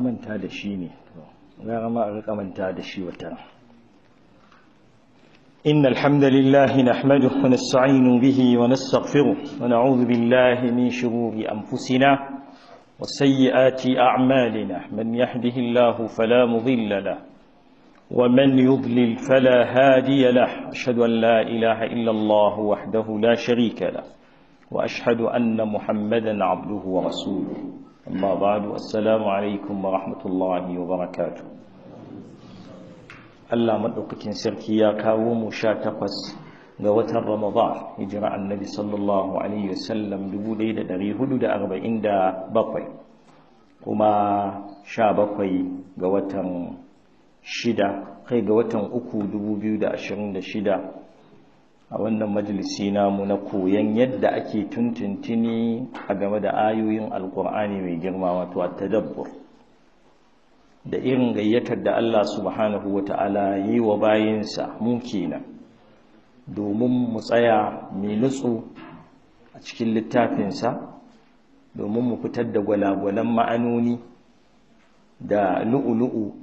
manta da shi ne gara ma a rika manta da shi wata إن الحمد لله نحمده ونستعين به ونستغفره ونعوذ بالله من شرور أنفسنا وسيئات أعمالنا من يهده الله فلا مضل له ومن يضلل فلا هادي له أشهد أن لا إله إلا الله وحده لا شريك له وأشهد أن محمدا عبده ورسوله amma ba bada wassalamu alaikum wa rahmatullahi wa barakatu Allah maɗaukakin sarki ya kawo mu sha takwas ga watan ramadha jira annabi sallallahu alaihi wasallam bakwai, kuma sha bakwai ga watan shida kai ga watan uku shida. a wannan majalisi namu na koyon yadda ake tuntuntuni a game da ayoyin alkur'ani mai girma wato tadabbur da irin gayyatar da Allah subhanahu wa ta'ala yi wa bayinsa mun nan, domin mu tsaya mai nutsu a cikin littafinsa domin mu fitar da gwalagwalan ma'anoni da lu'ulu'u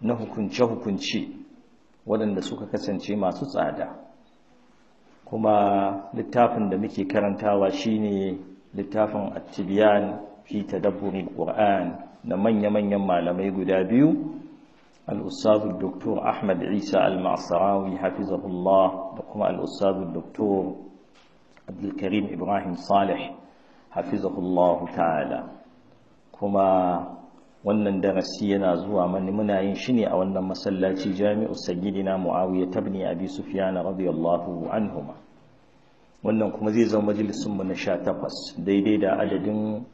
na hukunce-hukunce waɗanda suka kasance masu tsada kuma littafin da muke karantawa shine littafin at-tibyan fi al quran na manya-manyan malamai guda biyu al-ustadh dr ahmad isa al-ma'sarawi hafizahullah da kuma al-ustadh dr abdul karim ibrahim salih hafizahullah ta'ala kuma wannan darasi yana zuwa mani muna yin shi ne a wannan masallaci jami'u sayyidina muawiya tabni abi sufyan radiyallahu anhuma wannan kuma zai zama majalisun mu na 18 daidai da adadin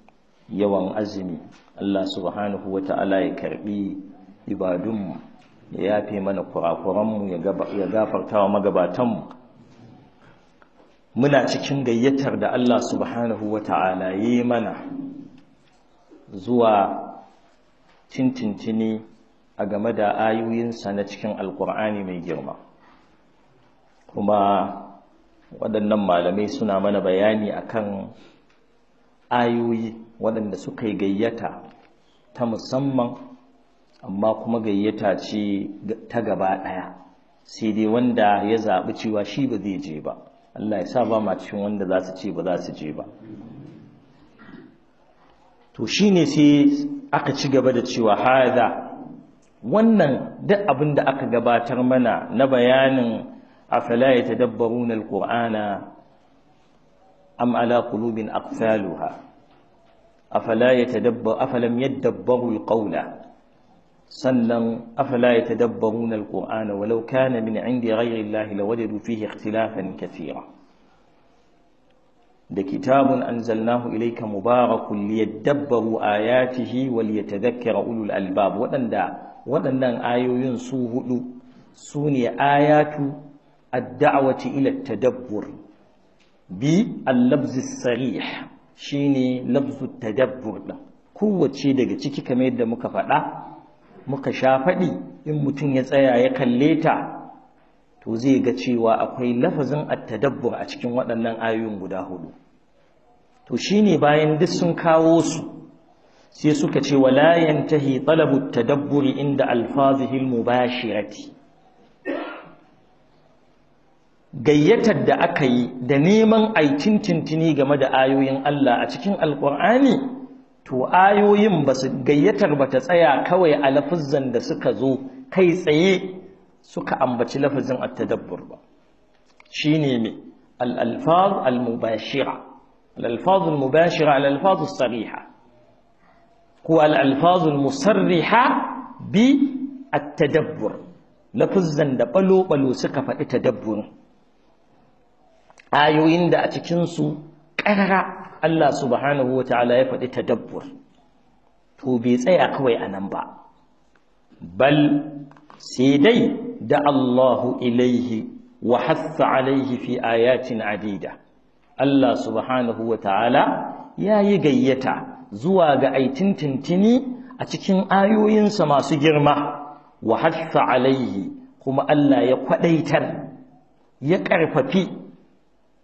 yawan azumi Allah subhanahu wata'ala ya karbi ibadun ya yafe mana kurakuran mu ya gafartawa magabatan mu muna cikin gayyatar da Allah subhanahu wata'ala yi mana zuwa tintintini a game da ayoyinsa na cikin alkur'ani mai girma kuma waɗannan malamai suna mana bayani akan ayoyi waɗanda suka yi gayyata ta musamman amma kuma gayyata ce ta gaba ɗaya sai dai wanda ya zaɓi cewa shi ba zai je ba Allah ya sa ba ma cikin wanda za su ce ba za su je ba to shine sai aka ci gaba da cewa haza wannan duk abin da aka gabatar mana na bayanin afala yatadabbaruna alqur'ana am ala qulubin aqfaluha afala yatadabbar afalam yadabbaru alqawla sannan afala yatadabbaruna alqur'ana walau kana min indi ghayri allahi lawajadu fihi ikhtilafan katira da kitabun anzalnahu ilayka mubarakun liyadabbaru ayatihi wa liyatadhakkara ulul albab waɗanda waɗannan ayoyin su hudu sune ayatu ad-da'wati ila tadabbur bi al-labz sarih shine labzu tadabbur din kowace daga ciki kamar yadda muka faɗa muka sha faɗi in mutum ya tsaya ya kalle ta to zai ga cewa akwai lafazin attadabbur a cikin waɗannan ayoyin guda hudu to shine bayan duk sun kawo su sai suka ce wala yantahi talabu tadabburi inda alfazihil mubashirati gayyatar da aka yi da neman aitin tintini game da ayoyin Allah a cikin alkur'ani to ayoyin ba su gayyatar ba ta tsaya kawai a lafuzzan da suka zo kai tsaye suka ambaci lafazin at-tadabbur ba shine me al-alfaz al-mubashira al-alfaz al-mubashira al-alfaz as-sariha ko al-alfaz al-musarriha bi at-tadabbur lafazan da balo balo suka faɗi tadabbur ayoyin da a cikin su ƙarara Allah subhanahu wa ya faɗi tadabbur to bai tsaya kawai a nan ba bal sai dai da Allahu ilaihi wa alaihi fi ayatin adida Allah subhanahu wa ta'ala ya yi gayyata zuwa ga aitin tintini a cikin ayoyinsa masu girma wa alaihi kuma Allah ya kwadaitar ya ƙarfafi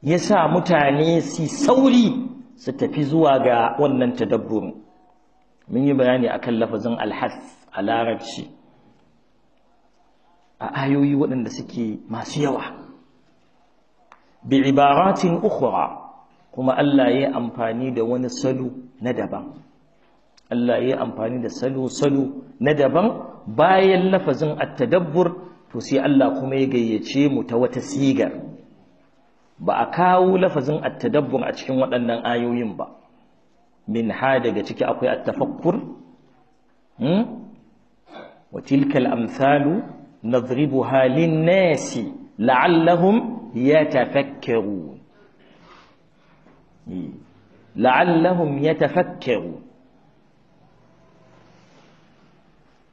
ya sa mutane su sauri su tafi zuwa ga wannan tadabburin mun yi bayani akan lafazin alhas a larabci a ayoyi waɗanda suke masu yawa bi'ibaratin ukura kuma Allah ya yi amfani da wani salo na daban Allah ya yi amfani da salo salo na daban bayan lafazin attadabbur to sai Allah kuma ya gayyace mu ta wata sigar ba a kawo lafazin attadabbur a cikin waɗannan ayoyin ba min ha daga ciki akwai attafakkur, tafakkur hmm? wa amsalu نضربها للناس لعلهم يتفكرون لعلهم يتفكرون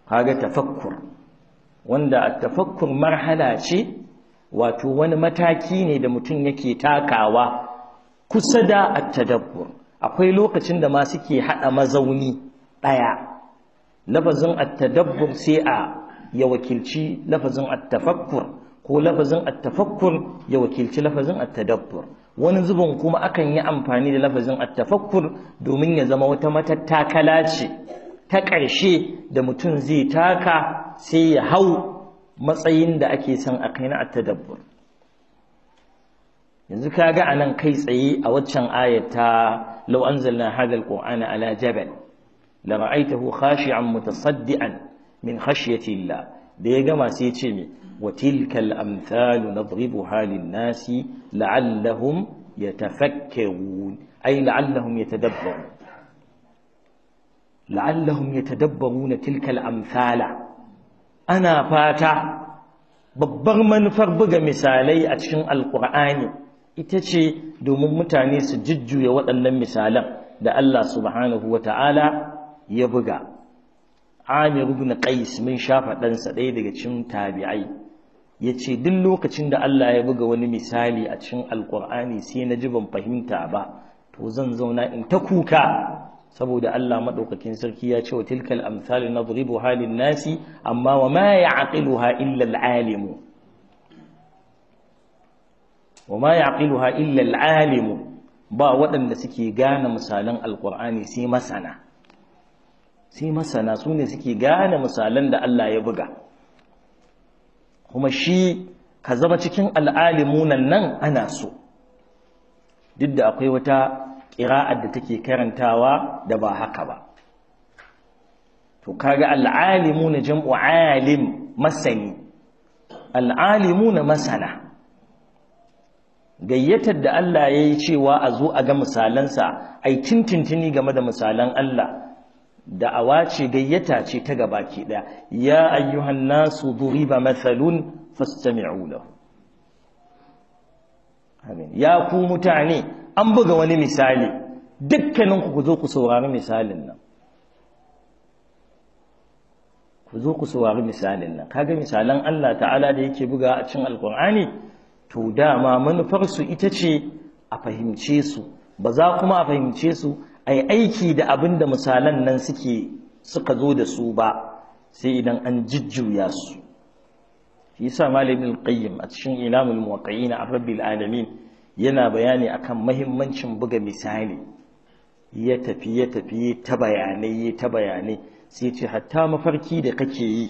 هذا تفكر wanda at-tafakkur marhala ce wato wani mataki ne da mutum yake takawa kusa da at-tadabbur akwai lokacin da ma suke hada mazauni daya lafazin at-tadabbur sai a ya wakilci lafazin attafakkur ko lafazin attafakkur ya wakilci lafazin attadabbur wani zubin kuma akan yi amfani da lafazin attafakkur domin ya zama wata matattakala ce ta ƙarshe da mutum zai taka sai ya hau matsayin da ake son a kai na attadabbur yanzu kaga anan kai tsaye a waccan ayata law anzalna hadha alqur'ana ala jabal la ra'aytahu khashi'an mutasaddian min khashyati Allah da ya gama sai ya ce me wa tilkal amthalu nadribuha halin nasi la'allahum yatafakkarun ay la'allahum yatadabbarun la'allahum yatadabbaruna tilkal amthala ana fata babbar manufar buga misalai a cikin alqur'ani ita ce domin mutane su jujjuya waɗannan misalan da Allah subhanahu wa ta'ala ya buga amir ibn qais min shafa ɗansa ɗaya daga cikin tabi'ai yace duk lokacin da Allah ya buga wani misali a cikin alqur'ani sai na ji ban fahimta ba to zan zauna in ta kuka saboda Allah madaukakin sarki ya ce wa tilkal amsal nadribu halin nasi amma wa ma ya'qiluha illa al wa ma ya'qiluha illa al ba waɗanda suke gane misalan alqur'ani sai masana sai masana su ne suke gane misalan da Allah ya buga kuma shi ka zama cikin al'alimunan nan ana so duk da akwai wata ƙira'ar da take karantawa da ba haka ba to kaga al'alimu na jam'u alim masani al'alimuna na masana gayyatar da Allah ya yi cewa a zo a ga misalansa ai tintintini game da misalan Allah Da awace gayyata ce ta gaba ki daya ya ayyuhan nasu duriba mathalun fastami'u ya ku mutane an buga wani misali dukkanin ku zo ku saurari misalin nan ku zo ku saurari misalin nan kaga misalan Allah ta'ala da yake buga a cikin alkur'ani to dama manufarsu ita ce a fahimce su ba za kuma a fahimce su ai aiki da abin da misalan nan suke suka zo da su ba sai idan an jujjuya su shi yasa malamin al-qayyim a cikin ilamul muwaqqi'ina alamin yana bayani akan mahimmancin buga misali ya tafi ya tafi ta bayanai ya ta bayanai sai ce hatta mafarki da kake yi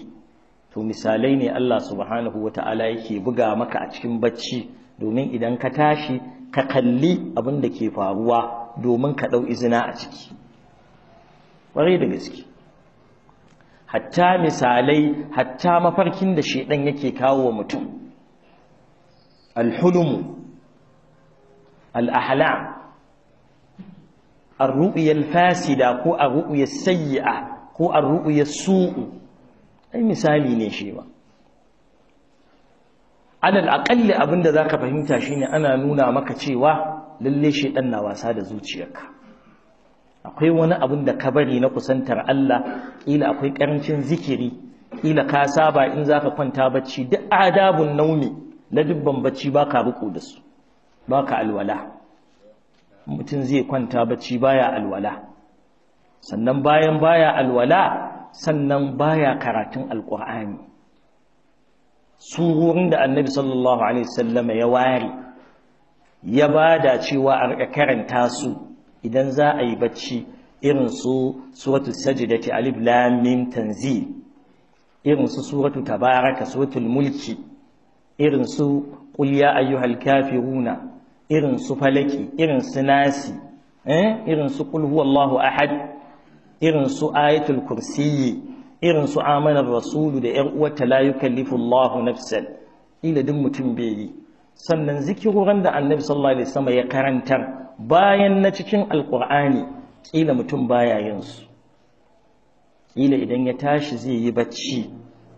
to misalai ne Allah subhanahu wata'ala yake buga maka a cikin bacci domin idan ka tashi ka kalli abin da ke faruwa domin ka ɗau izina a ciki ƙwarai da gaske hatta misalai hatta mafarkin da shaidan yake kawo wa mutum alhulumu al'ahlam arru'iyar fasida ko arru'iyar sayyi'a ko arru'iyar su'u ai misali ne shi ba alal aƙalli abinda za ka fahimta shine ana nuna maka cewa lalle shi dan na wasa da zuciyarka akwai wani abin da ka bari na kusantar Allah kila akwai karancin zikiri kila ka saba in zaka kwanta bacci duk adabun nauni na dubban bacci baka riko da su baka alwala mutum zai kwanta bacci baya alwala sannan bayan baya alwala sannan baya karatun alqur'ani surorin da annabi sallallahu alaihi wasallama ya ware ya bada cewa a karanta su idan za a yi bacci irin su suratu sajdati alif lam mim tanzil irin su suratu tabaraka suratul mulki irin su qul ya ayyuhal kafiruna irin su falaki irin su nasi eh irin su qul huwallahu ahad irin su ayatul kursiyyi irin su amanar rasulu da ‘yan uwata la yi kallifu Allah nafsan, ila duk mutum bai yi, sannan zikirorin da annabi sallallahu alaihi wasallam ya karantar bayan na cikin alkur'ani kila mutum baya yin su kila idan ya tashi zai yi bacci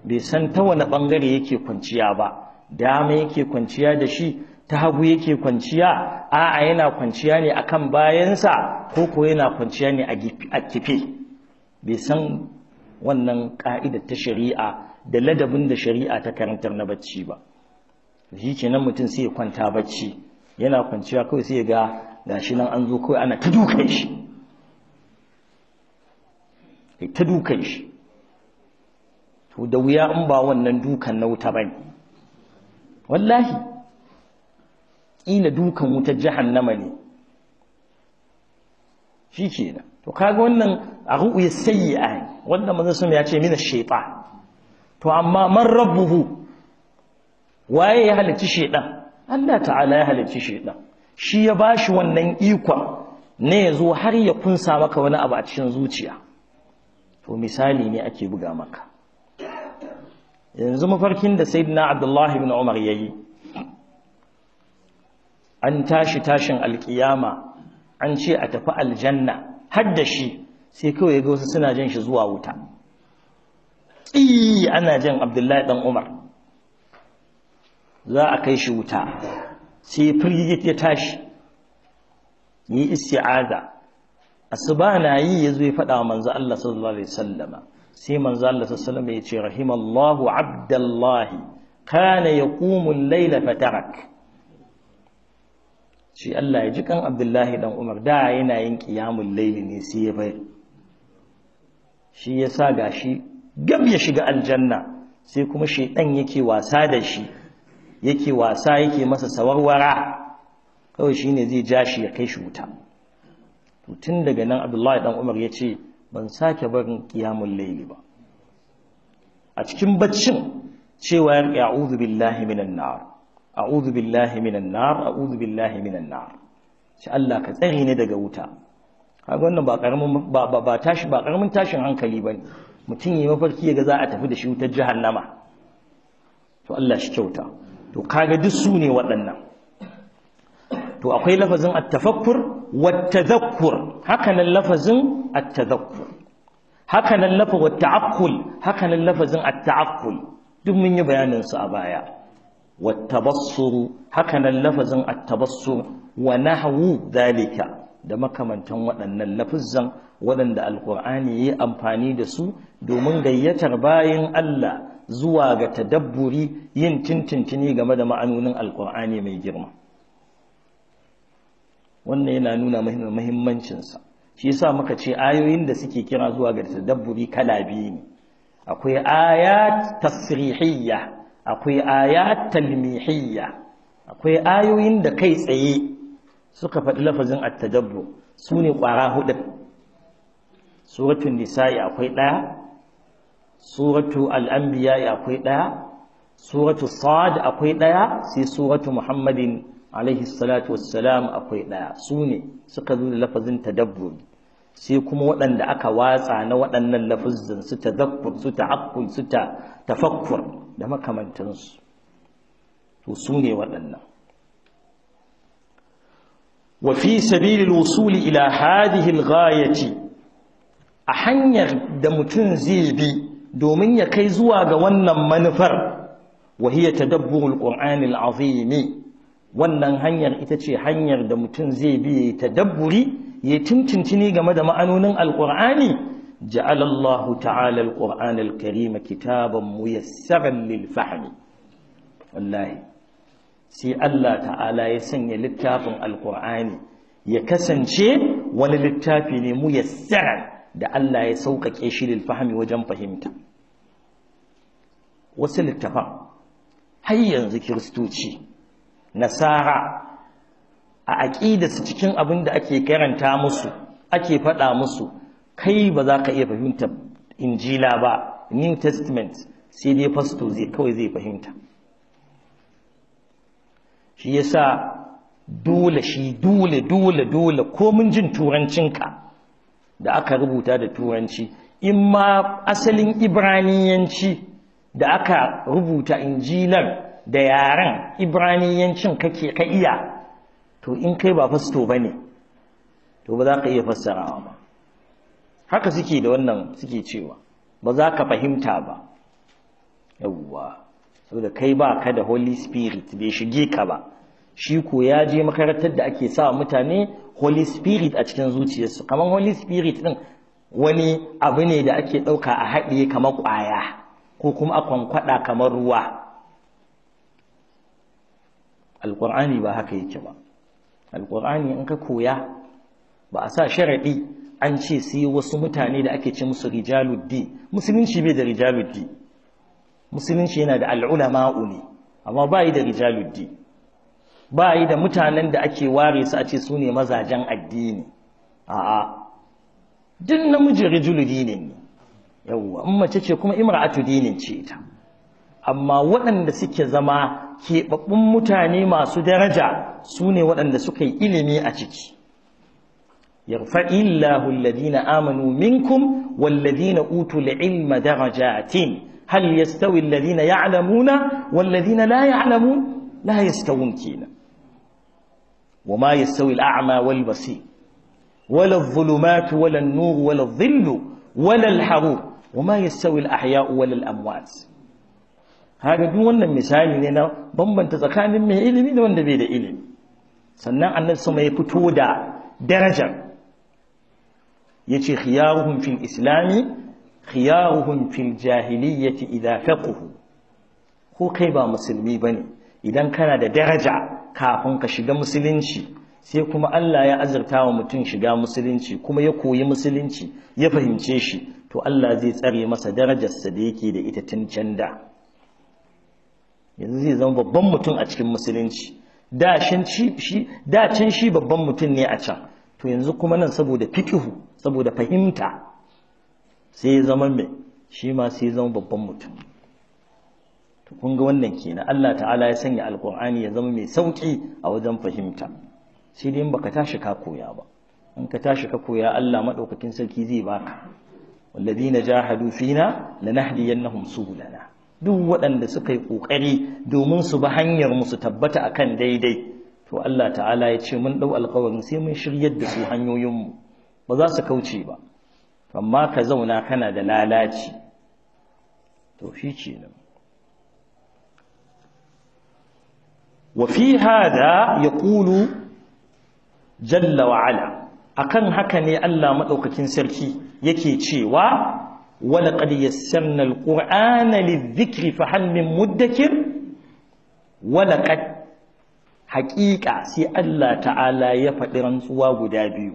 bai san ta wani bangare yake kwanciya ba dama yake kwanciya da shi ta hagu yake kwanciya a'a yana kwanciya ne akan bayansa ko ko yana kwanciya ne a kife bai san wannan ka'idar ta shari'a da ladabin da shari'a ta karantar na bacci ba shi nan mutum sai ya kwanta bacci yana kwanciya kawai sai ga shi nan an zo kawai ana ta dukan shi ta dukan shi to da wuya in ba wannan dukan na wuta bane wallahi ina dukan wutar jahannama ne Shi ke nan to kaga wannan a sayi a wanda mazan suna ya ce mina shefa to amma man rabbuhu waye ya halicci shedan Allah ta'ala ya halicci shedan shi ya bashi wannan ikon ne ya zo har ya kunsa maka wani abu a cikin zuciya to misali ne ake buga maka yanzu mafarkin da sayyidina abdullahi ibn umar yayi an tashi tashin alkiyama an ce a tafi aljanna har da shi sai kawai ga wasu suna jan shi zuwa wuta E, ana jin abdullahi dan umar za a kai shi wuta sai firgit ya tashi yi isti'aza ba na yi yazo ya faɗa wa manzo Allah sallallahu alaihi wasallama sai manzo Allah sallallahu alaihi ya ce rahimallahu abdallahi kana yaqumu al-laila fatarak shi Allah ya ji kan Abdullahi dan Umar da yana yin qiyamul layli ne sai ya bai shi yasa gashi gab ya shiga aljanna sai kuma shedan yake wasa da shi yake wasa yake masa sawarwara kawai shine zai ja shi ya kai shi wuta to tun daga nan Abdullahi dan Umar ya ce ban sake barin qiyamul layli ba a cikin baccin cewa ya a'udu billahi minan nar a'udhu billahi minan nar a'udhu billahi minan nar shi Allah ka tsare ni daga wuta kaga wannan ba karamin ba ba tashi ba karamin tashin hankali bane mutum yayi mafarki yaga za a tafi da shi wutar nama. to Allah shi kyauta to kaga duk su ne waɗannan to akwai lafazin at-tafakkur wat hakanan lafazin at-tadhakkur hakanan lafazin wat hakanan lafazin at duk mun yi bayanin su a baya wat hakanan lafazin at-tabassur wa nahwu dhalika da makamantan waɗannan lafuzzan waɗanda alkur'ani ya amfani da su domin gayyatar bayin Allah zuwa ga tadabburi yin tintintini game da ma'anonin alkur'ani mai girma wannan yana nuna mahimmancinsa shi yasa muka ce ayoyin da suke kira zuwa ga tadabburi kala biyu ne akwai ayat tasrihiyya akwai ayat talmihiyya akwai ayoyin da kai tsaye suka faɗi lafazin at-tadabbur sune ƙwara hudu Suratun nisa'i akwai ɗaya suratu al'ambiya akwai ɗaya suratu sad akwai ɗaya sai suratu muhammadin alaihi salatu wassalam akwai ɗaya su ne suka zo da lafazin tadabbur sai kuma waɗanda aka watsa na waɗannan lafazin su tadabur su ta'akkul su tafakkur da makamantansu to su ne waɗannan وفي سبيل الوصول a hanyar da mutum zai bi. domin ya kai zuwa ga wannan manufar wahiyar tadabburul ƙur'anil azimi wannan hanyar ita ce hanyar da mutum zai bi ya tadabburi ya tuntuntuni game da ma'anonin alƙur'ani ja'alallahu ta'ala alƙur'an alkarima kitaban muyassaran lil fahmi wallahi sai Allah ta'ala ya sanya littafin alƙur'ani ya kasance wani littafi ne muyassaran da Allah ya sauƙaƙe shi lil fahimi wajen fahimta wasu littafan har yanzu kiristoci nasara a aƙidarsu cikin abin da ake karanta musu ake faɗa musu kai ba za ka iya fahimta injila ba new testament sai dai fasto zai kawai zai fahimta shi yasa dole shi dole dole dole komin jin turancinka da aka rubuta da turanci in ma asalin ibraniyanci da aka rubuta injilar da yaren ibraniyancin kake ka iya to in kai ba fasto ba ne to ba za ka iya fassarawa ba haka suke da wannan suke cewa ba za ka fahimta ba yawwa saboda kai ba ka da holy spirit bai shige ka ba shi ko ya je makarantar da ake sa mutane holy spirit a cikin zuciyarsu kamar holy spirit din wani abu ne da ake ɗauka a haɗe kamar ƙwaya ko kuma a kwankwaɗa kamar ruwa alƙur'ani ba haka yake ba alƙur'ani in ka koya ba a sa sharaɗi an ce sai wasu mutane da ake ce musu rijaluddi musulunci bai da rijaluddi musulunci yana da al'ulama'u ne amma ba yi da rijaluddi ba yi da mutanen da ake ware su a ce su ne mazajen addini a'a duk namiji rijulu dinin ne yawwa in mace ce kuma imra'atu dinin ce ita amma waɗanda suke zama keɓaɓɓun mutane masu daraja su ne waɗanda suka yi ilimi a ciki yarfa'i Allahu alladhina amanu minkum walladhina utul ilma darajatin hal yastawi alladhina ya'lamuna walladhina la ya'lamun la yastawun kenan وما يستوي الأعمى والبصير ولا الظلمات ولا النور ولا الظل ولا الحرور وما يستوي الأحياء ولا الأموات هذا دون wannan misali ne na bambanta tsakanin mai ilimi da wanda bai da ilimi sannan annabi sama ya fito da darajar yace khiyaruhum fil islami khiyaruhum fil jahiliyyati idha faqahu ko kai ba musulmi bane idan kana da daraja kafin ka shiga musulunci sai kuma Allah ya azurta wa mutum shiga musulunci kuma ya koyi musulunci ya fahimce shi to Allah zai tsare masa darajarsa da yake da ita tun can da yanzu zai zama babban mutum a cikin musulunci da can shi babban mutum ne a can to yanzu kuma nan saboda fikihu saboda fahimta sai ya zama mai shi ma sai ya zama babban mutum kun ga wannan kenan Allah ta'ala ya sanya alqur'ani ya zama mai sauki a wajen fahimta sai dai in baka tashi ka koya ba in ka tashi ka koya Allah madaukakin sarki zai baka walladina jahadu fina lanahdiyannahum subulana duk waɗanda suka yi ƙoƙari domin su ba hanyar mu su tabbata akan daidai to Allah ta'ala ya ce mun dau alƙawarin sai mun shiryar da su hanyoyin mu ba za su kauce ba amma ka zauna kana da lalaci to shi kenan وفي هذا يقول جل وعلا akan haka ne Allah madaukakin sarki yake cewa wala qad yassarna alqur'ana lidhikri fa hal min muddakir wala Haƙiƙa sai Allah ta'ala ya faɗi rantsuwa guda biyu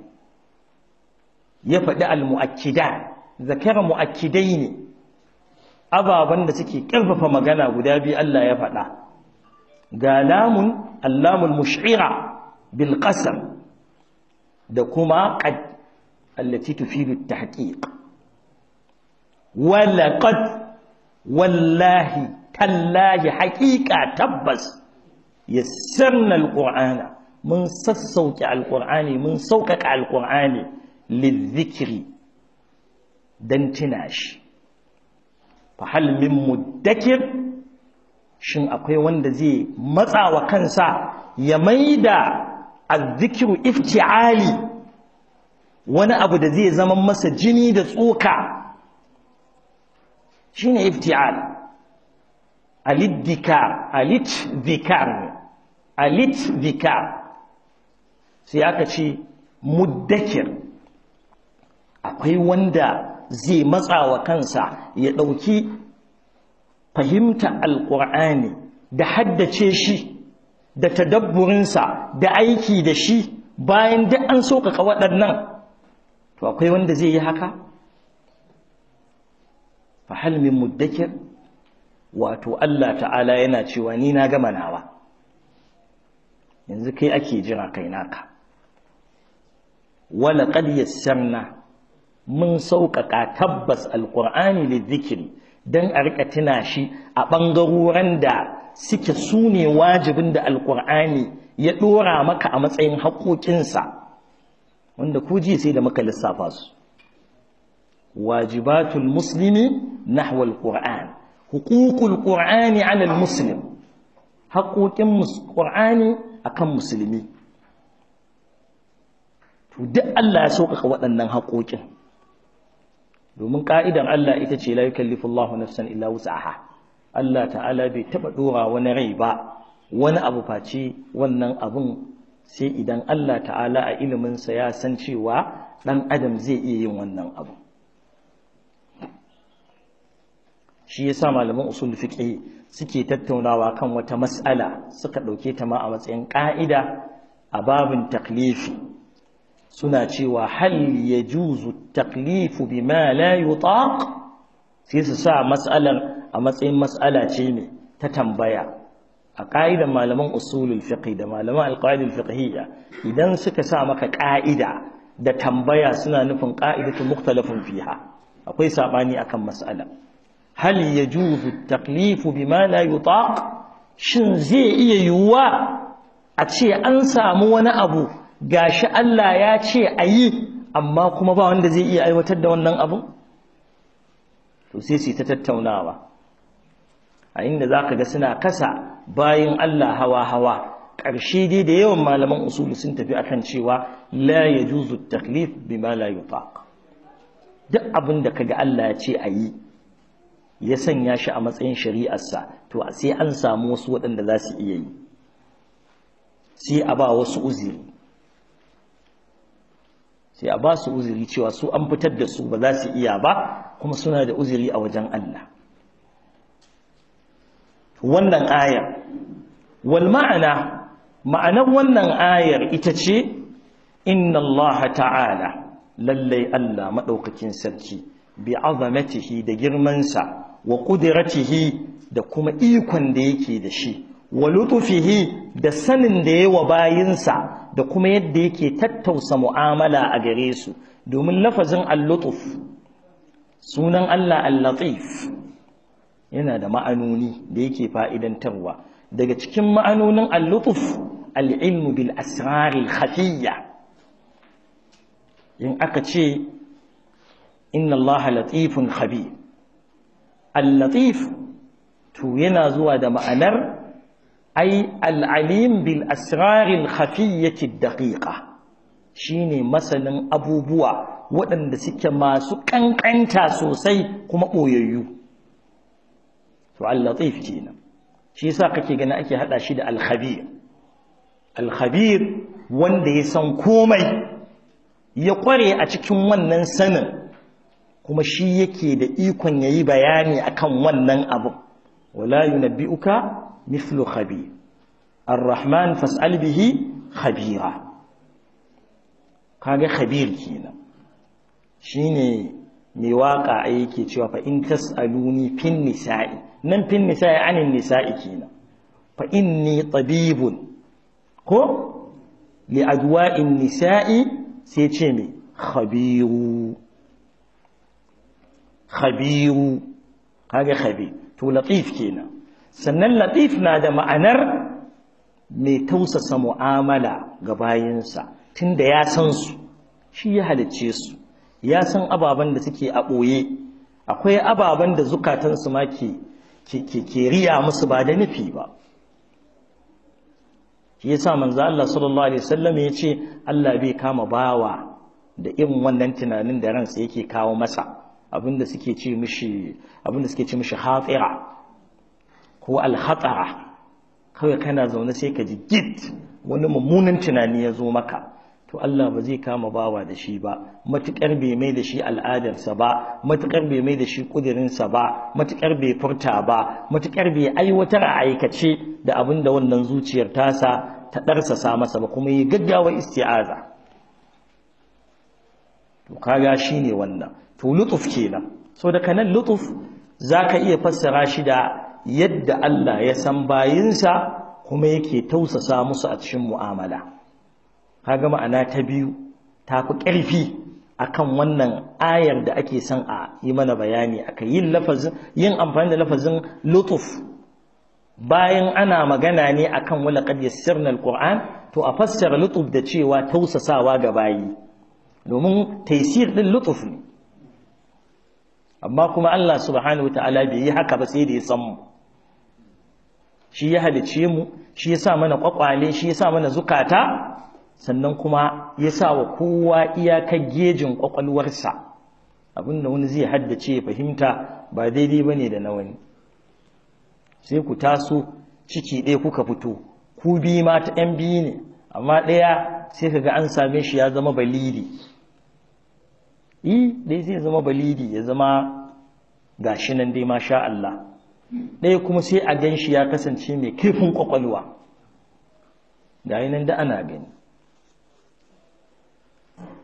ya faɗi almuakkida zakara muakkidai ne ababan da suke ƙarfafa magana guda biyu Allah ya faɗa قالام اللام المشعرة بالقسم دكما قد التي تفيد التحقيق ولقد والله كالله حقيقة تبس يسرنا القرآن من على القرآن من على القرآن للذكر دنتناش فهل من مدكر shin akwai wanda zai matsa wa kansa ya maida azzikiru ifti'ali wani abu da zai zama masa jini da tsoka shine ifti'al aliddika alitdikar alitdikar sai aka ce muddakir akwai wanda zai matsa wa kansa ya ɗauki fahimta alƙur'ani da haddace shi da tadabburinsa da aiki da shi bayan duk an sauƙaƙa waɗannan to akwai wanda zai yi haka fahal muddakir wato Allah ta'ala yana cewa ni na gama nawa yanzu kai ake jira kai naka wala qad yassarna mun sauƙaƙa tabbas alqur'ani lidhikri don a riƙa tuna shi a ɓangaroren da suke su ne wajibin da alƙur'ani ya ɗora maka a matsayin haƙoƙinsa wanda ku ji sai da maka lissafa su wajibatul muslimi nahwa alƙur'an hukukul qur'ani ala almuslim haƙoƙin qur'ani kan musulmi to duk Allah ya sauƙaƙa waɗannan haƙoƙin domin ka'idan Allah ita ce la yukallifu Allahu nafsan illa wus'aha Allah ta'ala bai taba dora wani rai ba wani abu face wannan abun sai idan Allah ta'ala a ilimin sa ya san cewa dan adam zai iya yin wannan abu shi yasa malaman usul fiqh suke tattaunawa kan wata mas'ala suka dauke ta ma a matsayin ka'ida a babin taklifi suna cewa hal ya juzu taklifu bi ma la yutaq sai su sa mas'alar a matsayin mas'ala ce ne ta tambaya a ƙa'idar malaman usulul fiqh da malaman alqaidul fiqhiyya idan suka sa maka ƙa'ida da tambaya suna nufin ƙa'idatu mukhtalafun fiha akwai sabani akan mas'ala hal yajuzu taklifu bi la yutaq shin zai iya yiwuwa a ce an samu wani abu Ga shi Allah ya ce a yi amma kuma ba wanda zai iya aiwatar da wannan abu to sai su ta tattaunawa a inda za ka ga suna kasa bayan Allah hawa-hawa ƙarshe dai da yawan malaman usulu sun tafi akan cewa la ya juzu taklif bima la faƙ. duk abin da ka ga Allah ya ce a yi ya sanya shi a matsayin shari'arsa to sai an samu wasu waɗanda za su iya yi sai a ba wasu uzuri sai a ba su uzuri cewa su an fitar da su ba za su iya ba kuma suna da uzuri a wajen Allah wannan ayar wal ma'ana ma'anar wannan ayar ita ce inna Allah ta'ala lallai Allah madaukakin sarki bi azamatihi da girmansa wa qudratihi da kuma ikon da yake da shi wa lutufihi da sanin da ya wa bayinsa da kuma yadda yake tattausa mu'amala a gare su domin lafazin al-lutuf sunan Allah al-latif yana da ma'anoni da yake fa'idantarwa daga cikin ma'anonin al-lutuf al-ilmu bil asraril khafiyya in aka ce inna Allah latifun khabir al-latif to yana zuwa da ma'anar ai al'alim bil asrarin hafiyyaki daƙiƙa shi ne masanin abubuwa waɗanda suke masu ƙanƙanta sosai kuma ɓoyayyu to al-latif kenan shi yasa kake gani ake hada shi da al-khabir al-khabir wanda ya san komai ya ƙware a cikin wannan sanin kuma shi yake da ikon yayi bayani akan wannan abin. wala yunabbi'uka مثل خبير الرحمن فاسأل به خبيرا كاغا خبير كينا شيني ميواقع ايكي تشوفا ان تسالوني في النساء من في النساء عن النساء كينا فاني طبيب قو لادواء النساء سيتشمي خبير خبير كاغا خبير تو لطيف كينا sannan latif na da ma'anar mai tausasa mu'amala ga bayinsa tunda ya san su shi ya halicce su ya san ababen da suke a ɓoye akwai ababen da zukatansu ma ke riya musu ba da nufi ba shi yasa manzo Allah sallallahu alaihi wasallam ya ce Allah bai kama bawa da irin wannan tunanin da ransa yake kawo masa abinda suke ce mishi abinda suke ce mishi hafira ko alhatsara kawai kana zaune sai ka ji git wani mummunan tunani ya zo maka to Allah ba zai kama bawa da shi ba matukar bai mai da shi al'adarsa ba matukar bai mai da shi kudirinsa ba matukar bai furta ba matukar bai aiwatar a aikace da abin da wannan zuciyar tasa ta ɗarsasa masa ba kuma yi gaggawa isti'aza to kaga shine wannan to lutuf kenan so daga nan lutuf zaka iya fassara shi da yadda Allah ya san bayinsa kuma yake tausasa musu a cikin mu'amala kaga ma'ana ta biyu ta fi ƙarfi akan wannan ayar da ake san a yi mana bayani aka yin lafazin yin amfani da lafazin lutuf bayan ana magana ne akan wala qad yassarna alquran to a fassara lutuf da cewa tausasawa ga bayi domin taysir din lutuf ne amma kuma Allah subhanahu wataala bai yi haka ba sai da ya san mu shi ya halice mu shi ya sa mana kwakwale shi ya sa mana zukata sannan kuma ya sa wa kowa iyakar gejin kwakwalwarsa abinda wani zai haddace ya fahimta ba daidai ba ne da na wani sai ku taso ciki ɗaya kuka fito ku bi ma ta yan biyu ne amma ɗaya sai ka ga an same shi ya zama balidi E, dai zai zama balidi ya zama gashi nan dai masha Allah ɗaya kuma sai a gan shi ya kasance mai kifin ƙwaƙwalwa ga nan da ana gani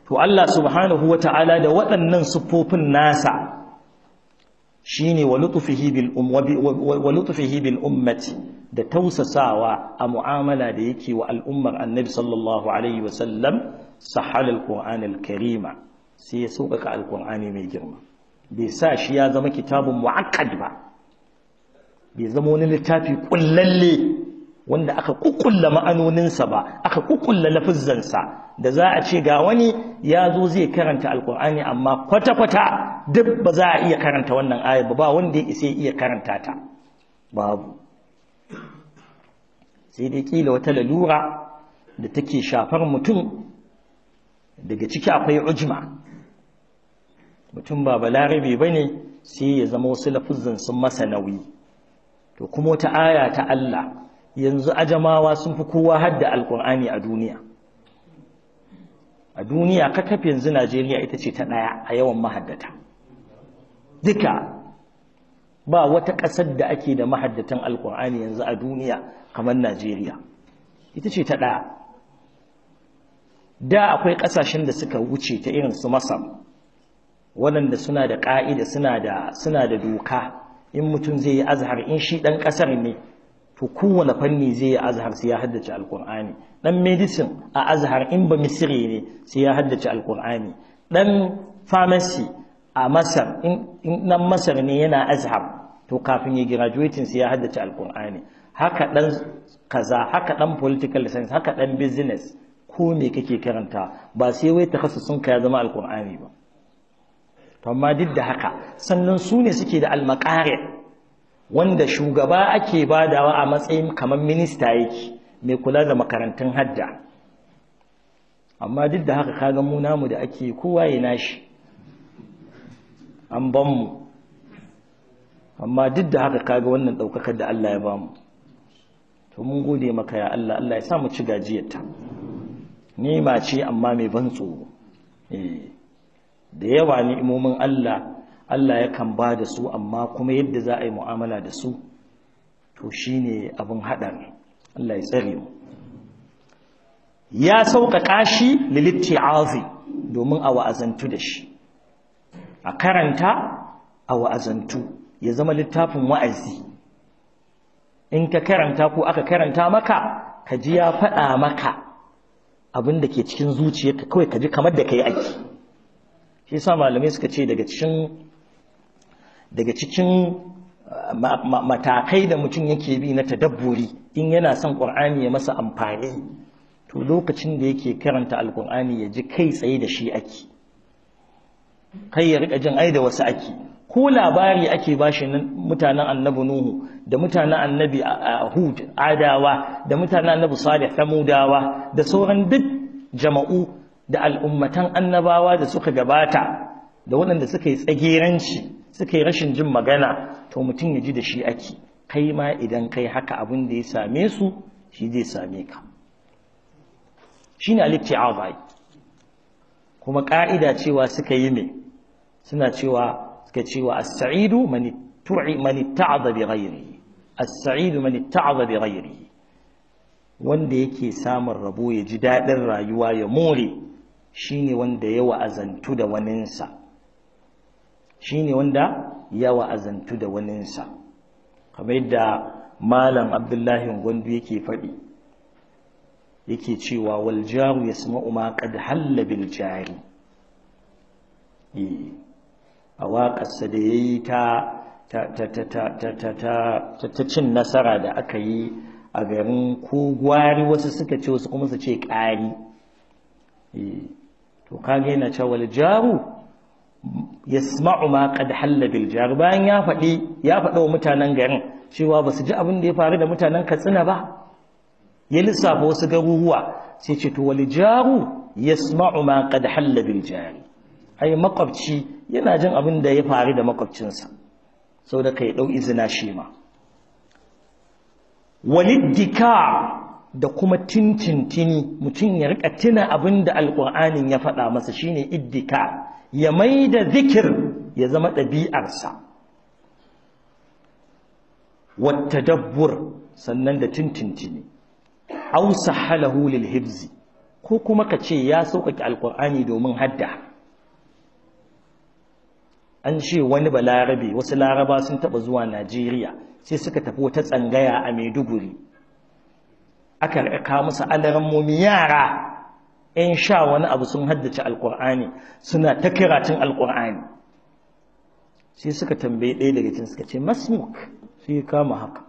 to Allah subhanahu wa ta'ala da waɗannan siffofin nasa shi ne wa lutufihi um, bil ummati da tausasawa a mu'amala da yake wa al'ummar annabi sallallahu alaihi wasallam sahal al-ƙur'an al-karima sai ya sauƙaƙa al-ƙur'ani mai girma bai sa shi ya zama kitabun mu'akkad ba bai zama wani littafi kullalle wanda aka kukulla ma'anoninsa ba aka kukulla sa da za a ce ga wani ya zo zai karanta alkur'ani amma kwata-kwata duk ba za a iya karanta wannan ayar ba wanda ya isa iya karanta ta babu sai dai kila wata lalura da take shafar mutum daga ciki akwai ujma mutum ba balarabe ba ne sai ya zama wasu lafuzzan sun masa nauyi to kuma wata aya ta Allah yanzu ajamawa sun fi kowa hadda alkur'ani a duniya a duniya kakaf yanzu Najeriya ita ce ta ɗaya a yawan mahaddata duka ba wata ƙasar da ake da mahaddatan alkur'ani yanzu a duniya kamar Najeriya ita ce ta ɗaya da akwai ƙasashen da suka wuce ta irin su Masar waɗanda suna da ƙa'ida suna da doka in mutum zai yi azhar in shi ɗan kasar ne to kowane fanni zai yi azhar sai ya haddace alkur'ani dan medicine a azhar in ba misiri ne sai ya haddace alkur'ani dan pharmacy a masar in nan masar ne yana azhar to kafin ya graduating sai ya haddace alkur'ani haka dan kaza haka dan political science haka dan business ko me kake karanta ba sai wai takassusun ka ya zama alkur'ani ba to amma duk da haka sannan su ne suke da almakare wanda shugaba ake badawa a matsayin kamar minista yake mai kula da makarantun hadda amma duk da haka kaga mu namu da ake kowa ya nashi an ban mu amma duk da haka kaga wannan daukakar da Allah ya ba mu to mun gode maka ya Allah Allah ya sa mu ci gajiyarta ni ma ce amma mai ban tsoro eh da yawa ni'imomin Allah Allah yakan ba da su amma kuma yadda za a yi mu'amala da su to shine abin haɗari Allah ya tsare mu ya sauƙaƙa shi lilitti'azi domin a wa'azantu da shi a karanta a wa'azantu ya zama littafin wa'azi in ka karanta ko aka karanta maka ka ji ya faɗa maka abin da ke cikin zuciyarka kawai ka ji kamar da ka yi aiki shi sa malamai suka ce daga cikin uh, matakai da mutum yake bi na tadabburi in yana son ƙur'ani ya masa amfani to lokacin da yake karanta alƙur'ani ya ji kai tsaye da shi ake kai ya riƙa jin ai da wasu ake ko labari ake ba shi mutanen annabi nuhu da mutanen annabi uh, uh, hud adawa da mutanen annabi salih samudawa da sauran duk jama'u da al'ummatan annabawa da suka gabata da waɗanda suka yi tsageranci suka yi rashin jin magana to mutum ya ji da shi ake kai ma idan kai haka abin da ya same su shi zai same ka shi ne alitti'azai kuma ƙa'ida cewa suka yi ne suna cewa suka cewa as-sa'idu man itta'adha bi ghayrihi as-sa'idu man itta'adha bi ghayrihi wanda yake samun rabo ya ji daɗin rayuwa ya more shine wanda ya wa'azantu da waninsa shine wanda ya wa'azantu da waninsa kamar yadda malam abdullahi gwandu yake faɗi yake cewa wal ya yasma'u ma ƙad halla jari eh, a waƙarsa da ya yi ta cin nasara da aka yi a garin ko gwari wasu suka ce wasu kuma su ce ƙari eh, to kage yana cewa jaru yasma'u ma qad halla bil jar bayan ya faɗi ya fada wa mutanen garin cewa ba su ji abin da ya faru da mutanen Katsina ba ya lissafa wasu garuruwa sai ce to wal jaru yasma'u ma qad halla bil jari ai makwabci yana jin abin da ya faru da makwabcinsa saboda kai dau izina shi ma walid dikar da kuma tintintini mutum ya rika tuna abin da alƙur'anin ya faɗa masa shine iddika ya mai da zikir ya zama ɗabi'arsa wata dabbur sannan da tintintini au hala lil hibzi ko kuma ka ce ya sauƙaƙe alƙur'ani domin hadda an ce wani balarabe wasu laraba sun taɓa zuwa najeriya sai suka tafi wata tsangaya a maiduguri aka rika musu mu yara in sha wani abu sun haddace alkur'ani suna ta karatun alkur'ani sai suka tambaye ɗaya daga cikin suka ce masmuk sai kama haka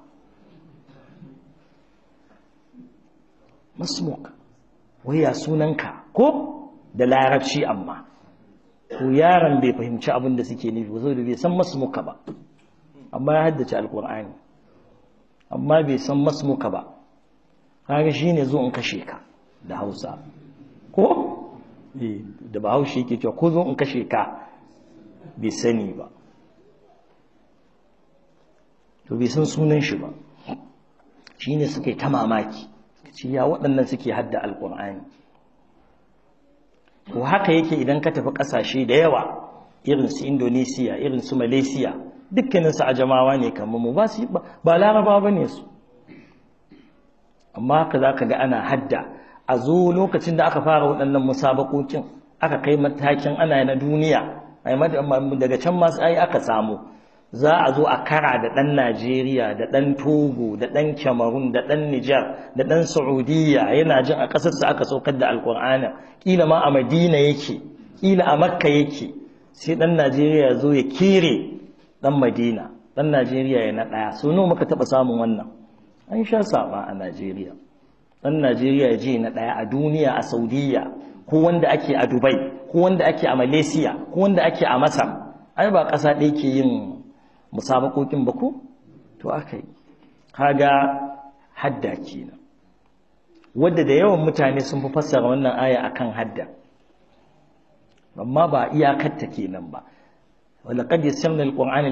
masmuk waya sunanka ko da larabci amma ko yaron bai fahimci abin da suke nufi ba saboda bai san masmuka ba amma ya haddace alkur'ani amma bai san masmuka ba kaga shine zo in kashe ka da Hausa ko eh, da Bahaushe yake cewa ko zo in kashe ka bai sani ba to bai san sunan shi ba Shi shine suke ta mamaki ci ya waɗannan suke hadda alƙur'ani ko haka yake idan ka tafi ƙasashe da yawa irin su Indonesia irin su Malaysia dukkaninsu a jamawa ne kamar mu ba larabawa ba ne su amma ka za ka ga ana hadda a zo lokacin da aka fara waɗannan musabakokin aka kai matakin ana na duniya daga can masu ai aka samu za a zo a kara da ɗan najeriya da ɗan togo da ɗan cameroon da ɗan nijar da ɗan saudiya yana jin a ƙasarsa aka saukar da alƙur'ana ƙila ma a madina yake ƙila a makka yake sai ɗan najeriya zo ya kere ɗan madina ɗan najeriya ya na ɗaya so nawa muka taɓa samun wannan an sha saba a najeriya Dan najeriya je na ɗaya a duniya a saudiya ko wanda ake a dubai ko wanda ake a malaysia ko wanda ake a masar ai ba kasa ɗaya ke yin musabakokin ba ko to aka kaga hadda kenan wanda da yawan mutane sun fi fassara wannan aya akan hadda amma ba iyakarta kenan ba ولقد يسمنا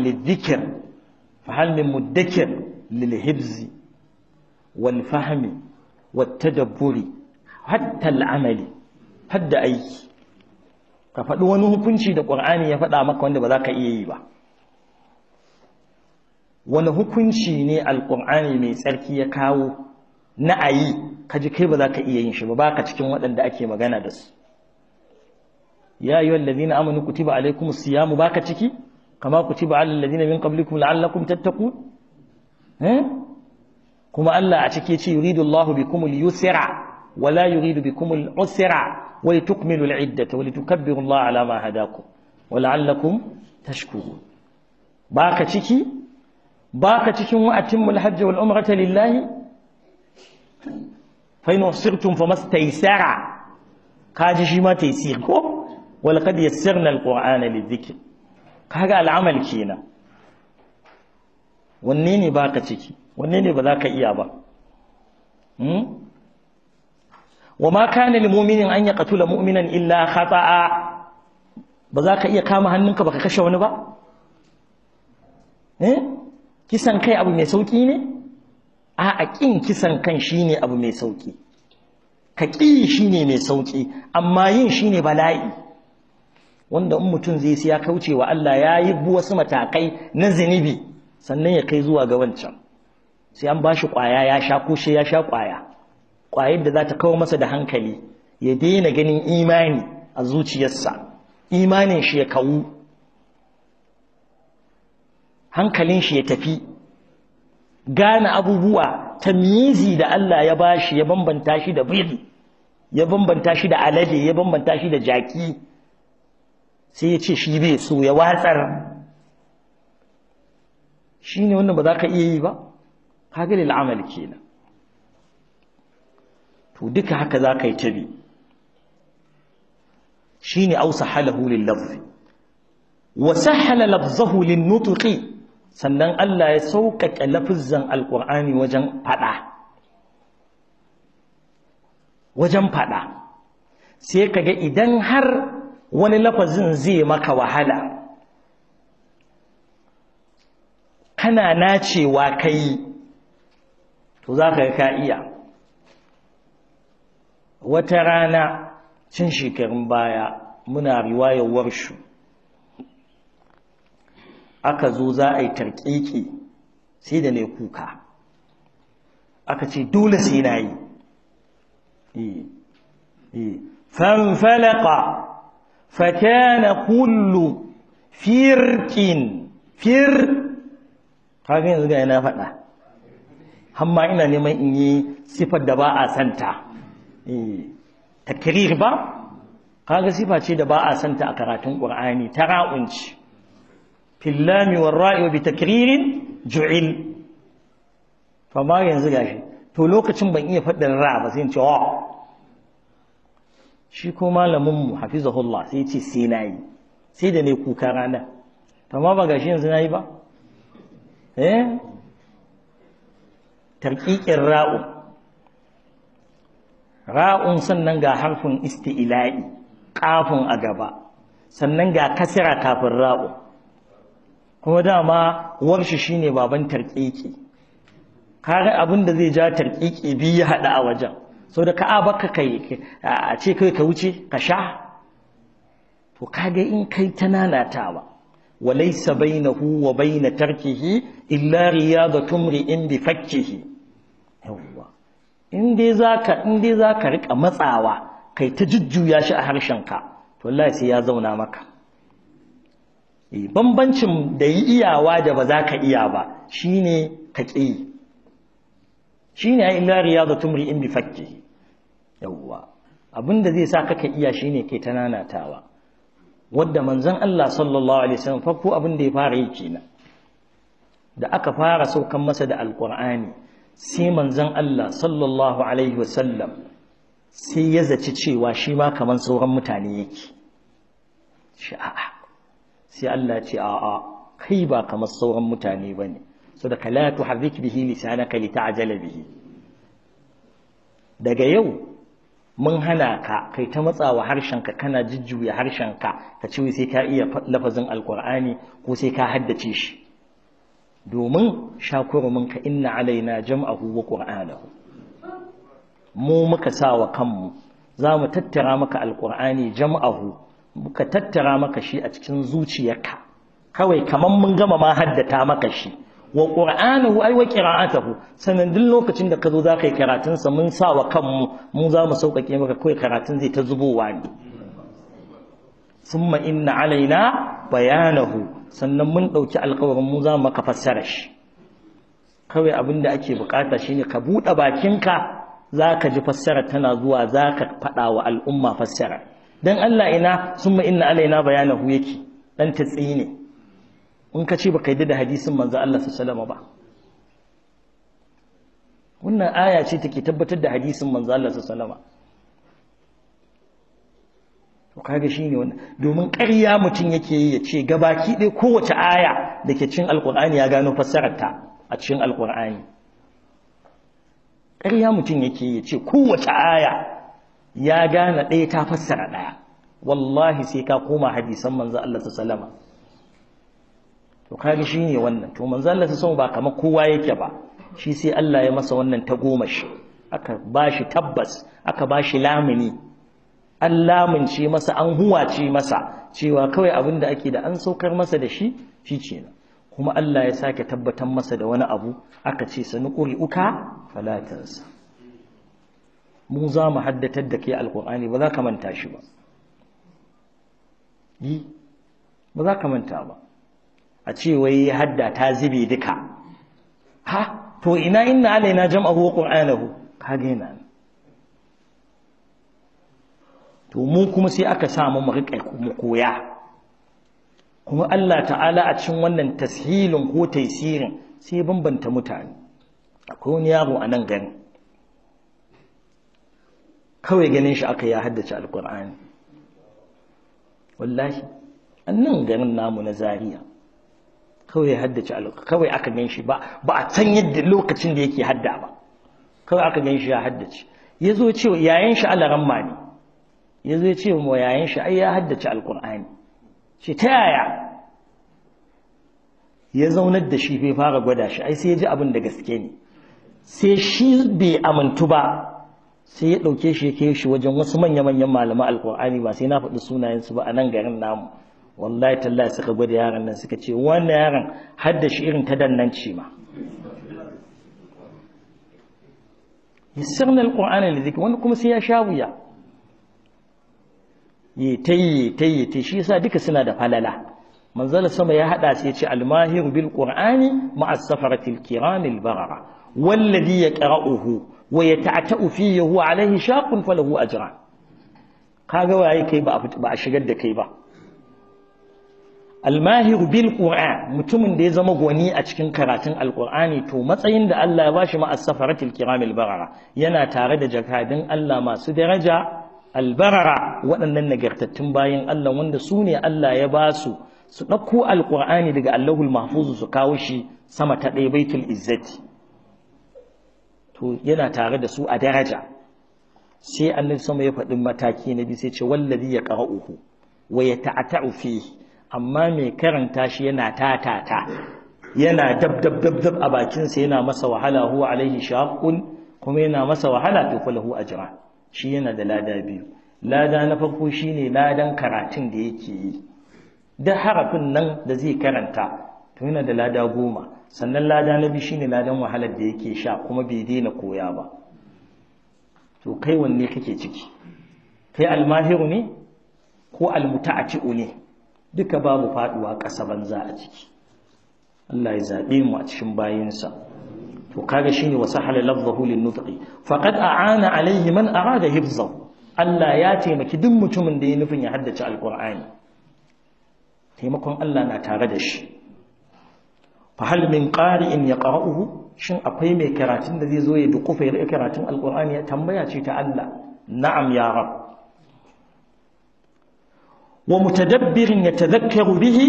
lidhikr fa hal min مدكر lilhibzi wal fahmi wat tadabburi hatta al amali hadda aiki ka faɗi wani hukunci da ƙur'ani ya faɗa maka wanda ba za ka iya yi ba wani hukunci ne alƙur'ani mai tsarki ya kawo na ayi ka kai ba za ka iya yin shi ba ba ka cikin waɗanda ake magana da su ya yi wallazi na amini kutiba alaikum siyamu ba ka ciki kama kutiba alal ladina min qablikum la'allakum tattaqun eh? كما ألا أتكيتي يريد الله بكم اليسر ولا يريد بكم العسر ولتكمل العدة ولتكبر الله على ما هداكم ولعلكم تشكرون باك تكي باك تكي وأتم الحج والعمرة لله فإن أصرتم فما استيسر كاجشي ما تيسيركم ولقد يسرنا القرآن للذكر كهذا العمل كينا والنين باك تكي wanne ne ba za ka iya ba hmm? wa ma kana lil mu'minin an yaqtula mu'minan illa khata'a ba za ka iya kama hannunka baka kashe wani ba eh kisan kai abu mai sauki ne a kin kisan kan shine abu mai sauki ka ƙi shine mai sauki amma yin shine bala'i wanda in mutum zai siya kauce wa Allah ya yi wasu matakai na zinibi sannan ya kai zuwa ga wancan sai an bashi ƙwaya, ya sha ko sai ya sha ƙwaya. ƙwayar da za ta kawo masa da hankali ya daina ganin imani a zuciyarsa imanin shi ya kawu hankalin shi ya tafi gane abubuwa ta tamyizi da Allah ya bashi ya bambanta shi da biri ya bambanta shi da alade ya bambanta shi da jaki sai ya ce shi bai so ya watsar shi ne wanda ba za ka iya yi ba kaga lil amal kenan to duka haka za ka yi tabi shi ne ausa halahu lillafi wasu lin linnutuki sannan Allah ya sauƙaƙe lafizan alƙur'ani wajen faɗa wajen faɗa sai kaga idan har wani lafazin zai maka wahala kana nacewa kai to za ka ka iya wata rana cin shekarun baya muna riwayar shu, aka zo za a yi tarƙeƙe sai da ne kuka aka ce dole sai na yi eh, eh. fanfalaka na kullu firkin fir kagin yanzu yana faɗa hamma ina neman in yi sifar da ba a santa eh, takrir ba kaga sifa ce da ba a santa a karatun qur'ani ta fil lami war ra'i wa bi takririn ju'il fama yanzu gashi to lokacin ban iya faɗin ra ba sai ce wa oh. shi ko malaminmu mu hafizahullah sai ce sai yi, sai da ne kuka rana fama ba gashi yanzu na yi ba eh tamƙiƙin ra'u ra'un sannan ga harfin istiila'i ƙafin a gaba sannan ga kasira kafin ra'u kuma dama warshi shine baban tarƙiƙi kare abin da zai ja tarƙiƙi biyu ya hada a wajen sau da ka baka kai a ce kai ka wuce ka sha to kage in kai ta nanatawa walaisa bainahu wa baina tarkihi illa riyadatu in bi fakkihi in dai zaka in dai zaka rika matsawa kai ta jujjuya shi a harshen ka to wallahi sai ya zauna maka eh bambancin da yi iyawa da ba za ka iya ba shine ka ƙi shine ai illa riyadatu in bi fakki yawwa abinda zai sa ka iya shine kai ta nanatawa wadda manzon Allah sallallahu alaihi wasallam farko abin da ya fara yi kenan da aka fara saukan masa da alqur'ani sai manzon Allah sallallahu alaihi wasallam sai ya zaci cewa shi ma kaman sauran mutane yake shi a'a sai Allah ce a'a kai ba kamar sauran mutane bane saboda la tuharrik bihi lisanaka lita'jala bihi daga yau mun hana ka kai ta matsawa ka kana jujjuya harshen ka ce sai ka iya lafazin alkur'ani ko sai ka haddace shi domin shakurumin ka inna alaina jam'ahu wa qur'anahu mu muka sa wa kanmu za mu tattara maka alqur'ani jam'ahu muka tattara maka shi a cikin zuciyarka kawai kaman mun gama ma haddata maka shi wa qur'anahu ay wa qira'atahu sanan duk lokacin da ka zo zaka yi karatun sa mun sa wa kanmu mu za mu sauƙaƙe maka kawai karatun zai ta zubowa ne summa inna alaina bayanahu sannan mun ɗauki alkawarin mu za mu ka fassara shi kawai abin da ake bukata shine ka buɗe bakinka za ka ji fassara tana zuwa za ka wa al'umma fassara don Allah ina summa inna alaina bayanahu yake dan ta ne. in ka ce baka yi da hadisin manzo Allah sallallahu ba wannan aya ce take tabbatar da hadisin manzo Allah sallallahu kaga shine wannan domin ƙarya mutum yake yi ya gabaki ɗaya kowace aya da ke cikin alkur'ani ya gano fassararta a cikin alkur'ani ƙarya mutum yake yi ya kowace aya ya gana ɗaya ta fassara ɗaya wallahi sai ka koma hadisan manzo Allah ta salama to kaga shine wannan to manzo Allah ta salama ba kamar kowa yake ba shi sai Allah ya masa wannan ta goma shi aka bashi tabbas aka bashi lamuni an lamunce masa an huwace masa cewa kawai abin da ake da an saukar masa da shi shi kenan kuma Allah ya sake tabbatar masa da wani abu aka ce sani ƙuri uka falatarsa mu za mu haddatar da ke alƙur'ani ba za ka manta shi ba yi ba za ka manta ba a ce wai hadda ta zube duka ha to ina inna alaina jam'ahu wa qur'anahu kage na to mu kuma sai aka samu mu riƙa mu koya kuma Allah ta'ala a cikin wannan tashilin ko taisirin sai bambanta mutane akwai wani yaro a nan gani kawai ganin shi aka ya haddace alqur'ani wallahi annan garin namu na Zariya. kawai ya haddace alqur'ani kawai aka gan shi ba ba a san yadda lokacin da yake hadda ba kawai aka gan shi ya haddace ya zo cewa yayin shi alaramma ne ya zai ce wa yayin shi ai ya haddace alkur'ani shi ta yaya ya zaunar da shi bai fara gwada shi ai sai ya ji abin da gaske ne sai shi bai amintu ba sai ya ɗauke shi ya kai shi wajen wasu manya-manyan malaman alkur'ani ba sai na faɗi sunayensu ba a nan garin namu wallahi tallahi suka gwada yaran nan suka ce wannan yaran haddashi irin ta dannanci ma yasirna alkur'ani da wani kuma sai ya sha wuya yi ta yi ta yi ta shi duka suna da falala manzala sama ya hada sai ce almahiru bil qur'ani ma'as safaratil kiramil barara walladhi yaqra'uhu wa yata'ta'u fihi huwa alaihi shaqun falahu ajran kaga waye kai ba ba a shigar da kai ba almahiru bil qur'an mutumin da ya zama goni a cikin karatun alqur'ani to matsayin da Allah ya bashi ma'as safaratil kiramil barara yana tare da jakadin Allah masu daraja albarara waɗannan nagartattun bayan Allah wanda su ne Allah ya ba su su ɗauko alƙur'ani daga Allahul Mahfuz su kawo shi sama ta ɗaya baitul izzati to yana tare da su a daraja sai annabi sama ya faɗi mataki na bi sai ce wallazi ya qara'uhu wa yata'ata'u fihi amma mai karanta shi yana tatata yana dab dab dab dab a bakinsa yana masa wahala huwa alaihi shaqqun kuma yana masa wahala to falahu ajra shi yana da lada biyu lada na farko shine ladan karatun da yake yi duk harafin nan da zai karanta to yana da lada goma sannan lada na biyu shine ladan wahalar da yake sha kuma bai daina koya ba to kai wanne kake ciki kai almahiru ne ko almuta'ati'u ne duka babu faduwa ƙasa banza a ciki Allah ya zaɓe mu a cikin bayinsa to kaga shine wa sahala lafzahu lin nutqi faqad aana alayhi man arada hifzahu Allah ya taimaki duk mutumin da ya nufin ya haddace alqur'ani taimakon Allah na tare da shi fa hal min qari'in yaqra'uhu shin akwai mai karatun da zai zo ya dukufa ya karatun alqur'ani ya tambaya ce ta Allah na'am ya rab wa mutadabbirin yatadhakkaru bihi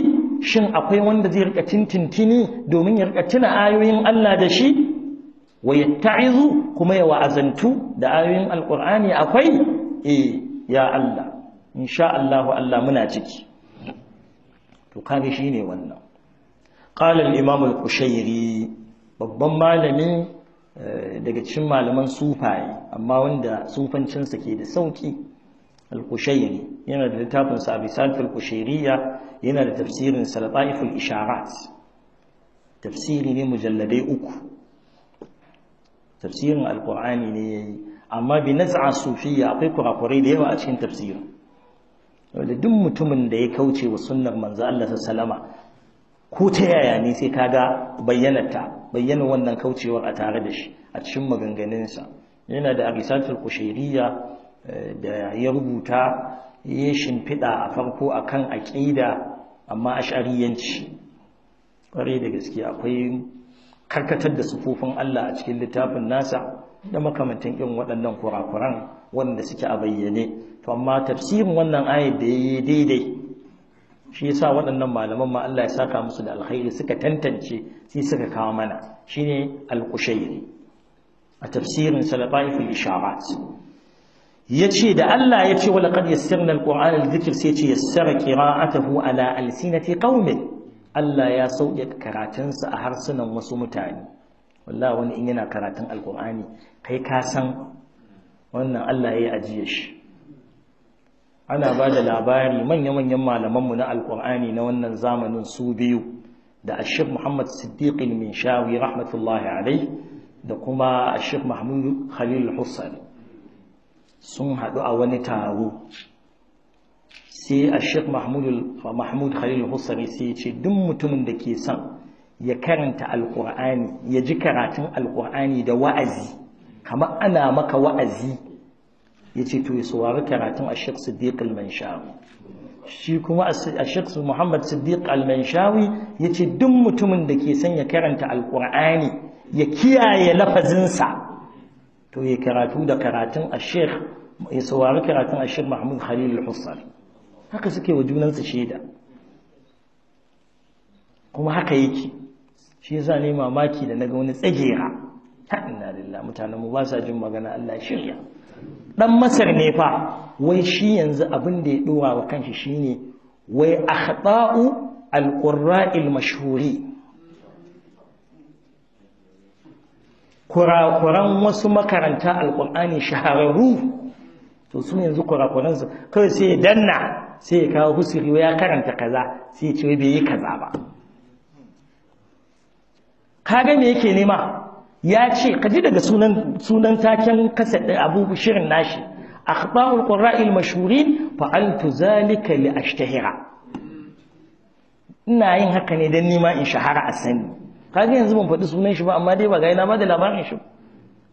shin akwai wanda zai rika tintintini domin ya rika tuna ayoyin Allah da shi wa yatta'izu kuma ya wa'azantu da ayoyin alqur'ani akwai eh ya Allah insha Allah muna ciki to kage shine wannan qala al-imam al-qushairi babban malami eh, daga cikin malaman sufaye amma wanda sufancinsa ke da sauƙi. al-qushairi yana da littafin sa abisat al-qushairiyya yana da tafsirin salataif al-isharat tafsiri ne mujalladai uku tafsirin alkur'ani ne ya yi, amma bi Sufiya sufiya akwai kurakurai da yawa a cikin tafsirin wadda duk mutumin da ya kauce wa sunnar manzo Allah ta salama, ko ta yaya ne sai ka bayyanarta bayyana wannan kaucewar a tare da shi a cikin maganganunsa yana da arisatul kushiriya eh, da ya rubuta ya shimfiɗa a farko a kan aƙida amma ash'ariyanci ƙwarai da gaske akwai karkatar da sufufin Allah a cikin littafin nasa da makamantan irin waɗannan kurakuran wanda suke a bayyane to amma tafsirin wannan ayar da yayi daidai shi yasa waɗannan malaman ma Allah ya saka musu da alkhairi suka tantance sai suka kawo mana shine al-qushairi a tafsirin salafaif isharat yace da Allah yace wa laqad yassarna al-qur'ana li sai yace yassara qira'atahu ala alsinati qaumin Allah ya sauƙaƙa karatunsa a harsunan wasu mutane wallahi wani in yana karatun alkur'ani kai ka san wannan Allah ya ajiye shi ana ba da labari manya-manyan malamanmu na alkur'ani na wannan zamanin su biyu da ashir muhammad siddiqin min shawi rahmatullahi alai da kuma ashir mahmud khalil hussein sun haɗu a wani taro sai a shek mahmud khalil husari sai ce duk mutumin da ke son ya karanta alkur'ani ya ji karatun alkur'ani da wa'azi kama ana maka wa'azi ya ce to ya saurari karatun a shek siddiq al-manshawi shi kuma a shek muhammad siddiq al-manshawi ya ce duk mutumin da ke son ya karanta alkur'ani ya kiyaye lafazinsa to ya karatu da karatun a shek ya saurari karatun a shek mahmud khalil husari haka suke wa junansu shaida kuma haka yake shi yasa ne mamaki da na ga wani tsagera ta ina lalla mutanen mu ba sa jin magana Allah shirya dan masar ne fa wai shi yanzu abin da ya dora wa kanshi shine wai akhta'u al-qurra'il mashhuri kurakuran wasu makaranta alƙur'ani shahararru to su yanzu kurakuransu kawai sai danna sai ya kawo husiri ya karanta kaza sai ce bai yi kaza ba kaga me yake nema ya ce kaji daga sunan sunan taken kasa abu shirin nashi akhbarul qurra'il mashhurin fa'altu zalika li ashtahira ina yin haka ne dan nima in shahara a sani kaga yanzu ban faɗi sunan shi ba amma dai ba ga ina ba da labarin shi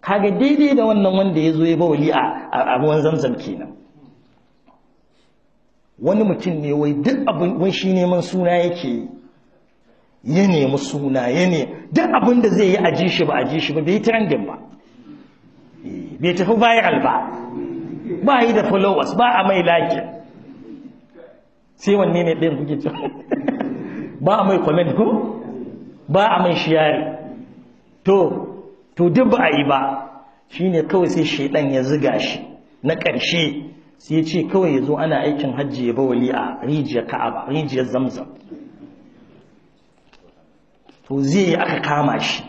kaga daidai da wannan wanda ya zo ya ba wali a ruwan zamzam kenan wani mutum ne wai duk abin wai shi neman suna yake yi ya nemi suna ya ne duk abin da zai yi a ji shi ba a ji shi ba bai trending ba eh, bai tafi viral ba ba yi da followers ba a mai like sai wanne ne ɗayan kuke cewa ba a mai comment ko ba a mai shiyari to to duk ba a yi ba shine kawai sai shedan ya ziga shi na ƙarshe sai ce kawai ya zo ana aikin hajji ya bawali a rijiyar ka'aba rijiyar zamzam to zai yi aka kama shi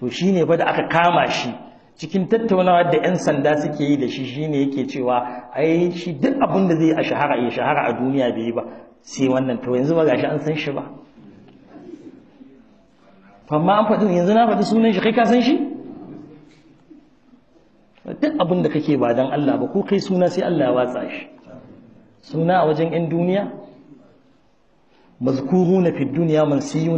to shi ne fa da aka kama shi cikin tattaunawa da 'yan sanda suke yi da shi shi ne yake cewa ai shi duk abin da zai a shahara ya shahara a duniya bai yi ba sai wannan to yanzu ba gashi an san shi ba amma an faɗi yanzu na faɗi sunan shi kai ka san shi abin da kake ba don Allah ba ko kai suna sai Allah ya watsa shi suna a wajen 'yan duniya na fi duniya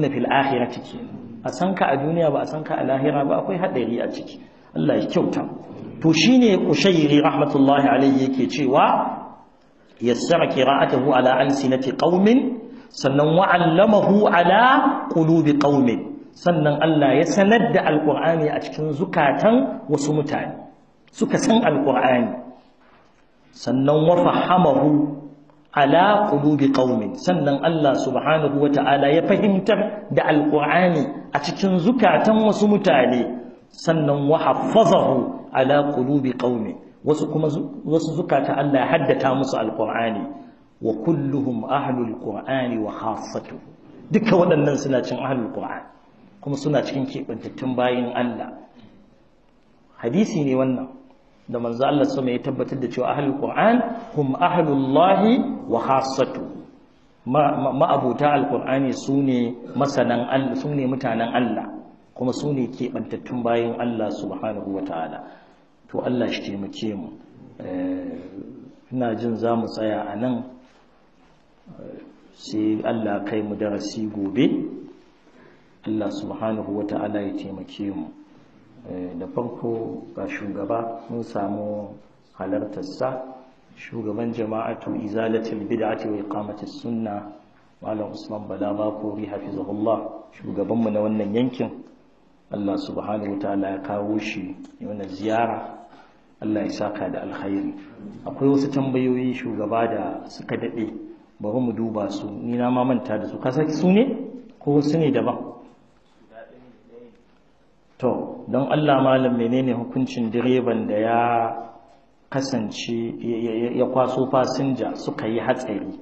na fil akhirati ciki, a san ka a duniya ba a san ka a lahira ba akwai haɗari a ciki Allah ya kyauta to shine Qushayri rahmatullahi alayhi yake cewa yassara hu ala alsinati ƙaumin sannan wa'allamahu ala ƙulubi ƙaumin sannan Allah ya sanar da alqur'ani a cikin zukatan wasu mutane suka san alqur'ani sannan wa fahamahu ala qulubi qaumin sannan Allah subhanahu wata'ala ya fahimtar da alƙur'ani a cikin zukatan wasu mutane sannan wa ala qulubi qaumin wasu kuma wasu zukata Allah ya haddata musu alqur'ani wa kulluhum ahlul qur'ani wa khassatuhu duka waɗannan suna cin ahlul qur'ani kuma suna cikin kebantattun bayin Allah hadisi ne wannan da manzo Allah sama ya tabbatar da cewa ahlul qur'an hum ahlullahi wa khassatu ma'abuta alqur'ani sune masanan Allah sune mutanen Allah kuma sune kebantattun bayin Allah subhanahu wataala to Allah shi taimake mu eh, ina jin zamu tsaya a nan eh, sai Allah kai mu darasi gobe Allah subhanahu wataala ya taimake mu Eh, da farko ga shugaba mun samu halartarsa shugaban jama'atu izalatul bid'ati wa iqamati sunna malam usman bala bakori hafizahullah shugabanmu na wannan yankin Allah subhanahu ta'ala ya kawo shi wannan ziyara Allah ya saka da alkhairi akwai wasu tambayoyi shugaba da suka dade bari mu duba su ni na ma manta da su ka saki su ne ko su ne daban to don Allah malam menene hukuncin direban da ya kasance ya kwaso fasinja suka yi hatsari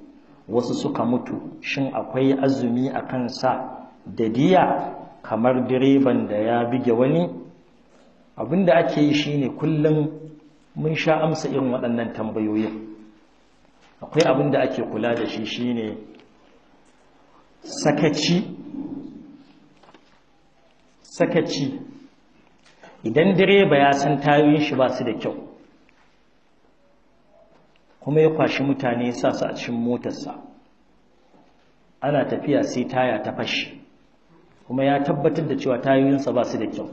wasu suka mutu shin akwai azumi a kansa da diya kamar direban da ya bige wani abinda ake yi shine kullum mun sha amsa irin waɗannan tambayoyin akwai abinda ake kula da shi shine sakaci sakaci idan direba ya san tayoyin shi ba su da kyau kuma ya kwashi mutane ya sa su a cikin motarsa ana tafiya sai taya ta fashi kuma ya tabbatar da cewa tayoyinsa ba su da kyau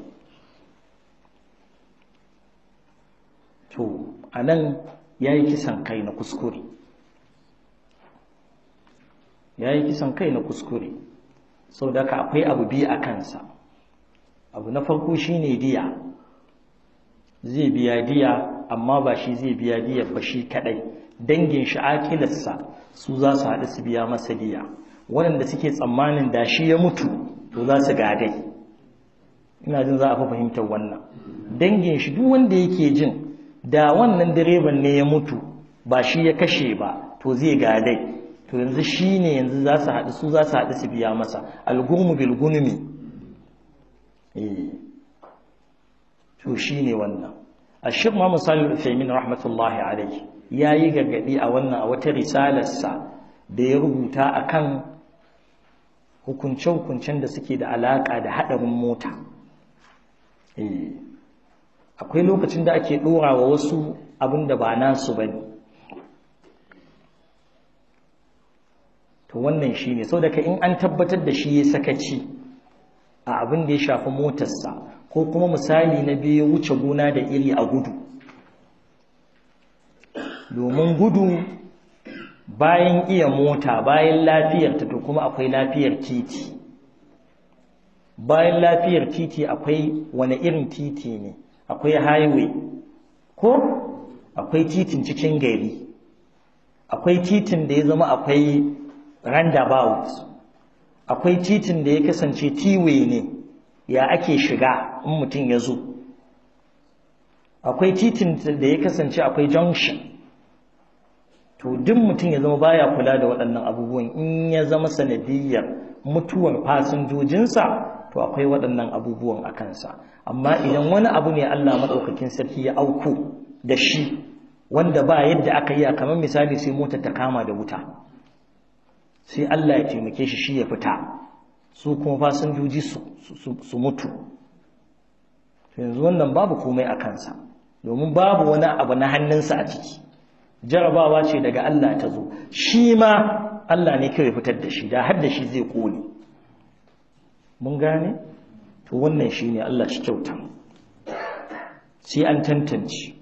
to a nan ya yi kisan kai na kuskure ya yi kisan kai na kuskure sau da ka akwai abu biyu a kansa abu na farko shi ne diya zai biya diya amma ba shi zai biya diya ba shi kadai dangin shi akilarsa su za su haɗu su biya masa diya waɗanda suke tsammanin da shi ya mutu to za su gadai ina jin za a fi fahimtar wannan dangin shi duk wanda yake jin da wannan direban ne ya mutu ba shi ya kashe ba to zai gadai to yanzu shi ne yanzu za su haɗu su za su haɗu su biya masa algurmu bilgunumi Eh. to shi ne wannan a shi ma misali ufemin rahmatullahi alaihi ya yi gargaɗi a wannan a wata risalarsa da ya rubuta a kan hukunce-hukuncen da suke da alaƙa da haɗarin mota eh. akwai lokacin da ake ɗora wa wasu abin da ba nasu ba ne to wannan shi ne sau daga in an tabbatar da shi ya sakaci a abin da ya shafi motarsa ko kuma misali na biyu wuce gona da iri a gudu domin gudu bayan iya mota bayan lafiyarta to kuma akwai lafiyar titi bayan lafiyar titi akwai wani irin titi ne akwai highway ko akwai titin cikin gari akwai titin da ya zama akwai roundabout akwai titin da ya kasance tiwe ne ya ake shiga in mutum ya zo akwai titin da ya kasance akwai junction to duk mutum ya zama baya kula da waɗannan abubuwan in ya zama sanadiyyar mutuwar fasinjojinsa to akwai waɗannan abubuwan a kansa amma idan wani abu ne Allah maɗaukakin sarki ya auku da shi wanda ba yadda aka yi kamar misali sai mota ta kama da wuta sai Allah ya taimake shi shi ya fita su kuma fasinjoji su mutu yanzu wannan babu komai a kansa domin babu wani abu na hannunsa a ciki jarabawa ce daga Allah ta zo shi ma Allah ne kawai fitar da shi da har da shi zai kone mun gane to wannan shi ne Allah shi kyauta sai an tantance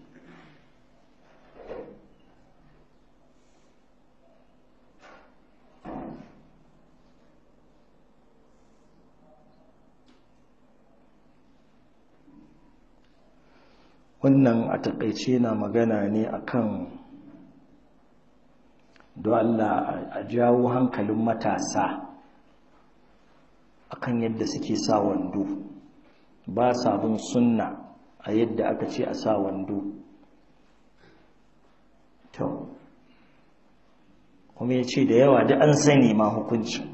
wannan a takaice na magana ne akan don Allah a jawo hankalin matasa akan yadda suke sa wando ba sabon sunna a yadda aka ce a sa wando to kuma ya ce da yawa da an sani ma hukuncin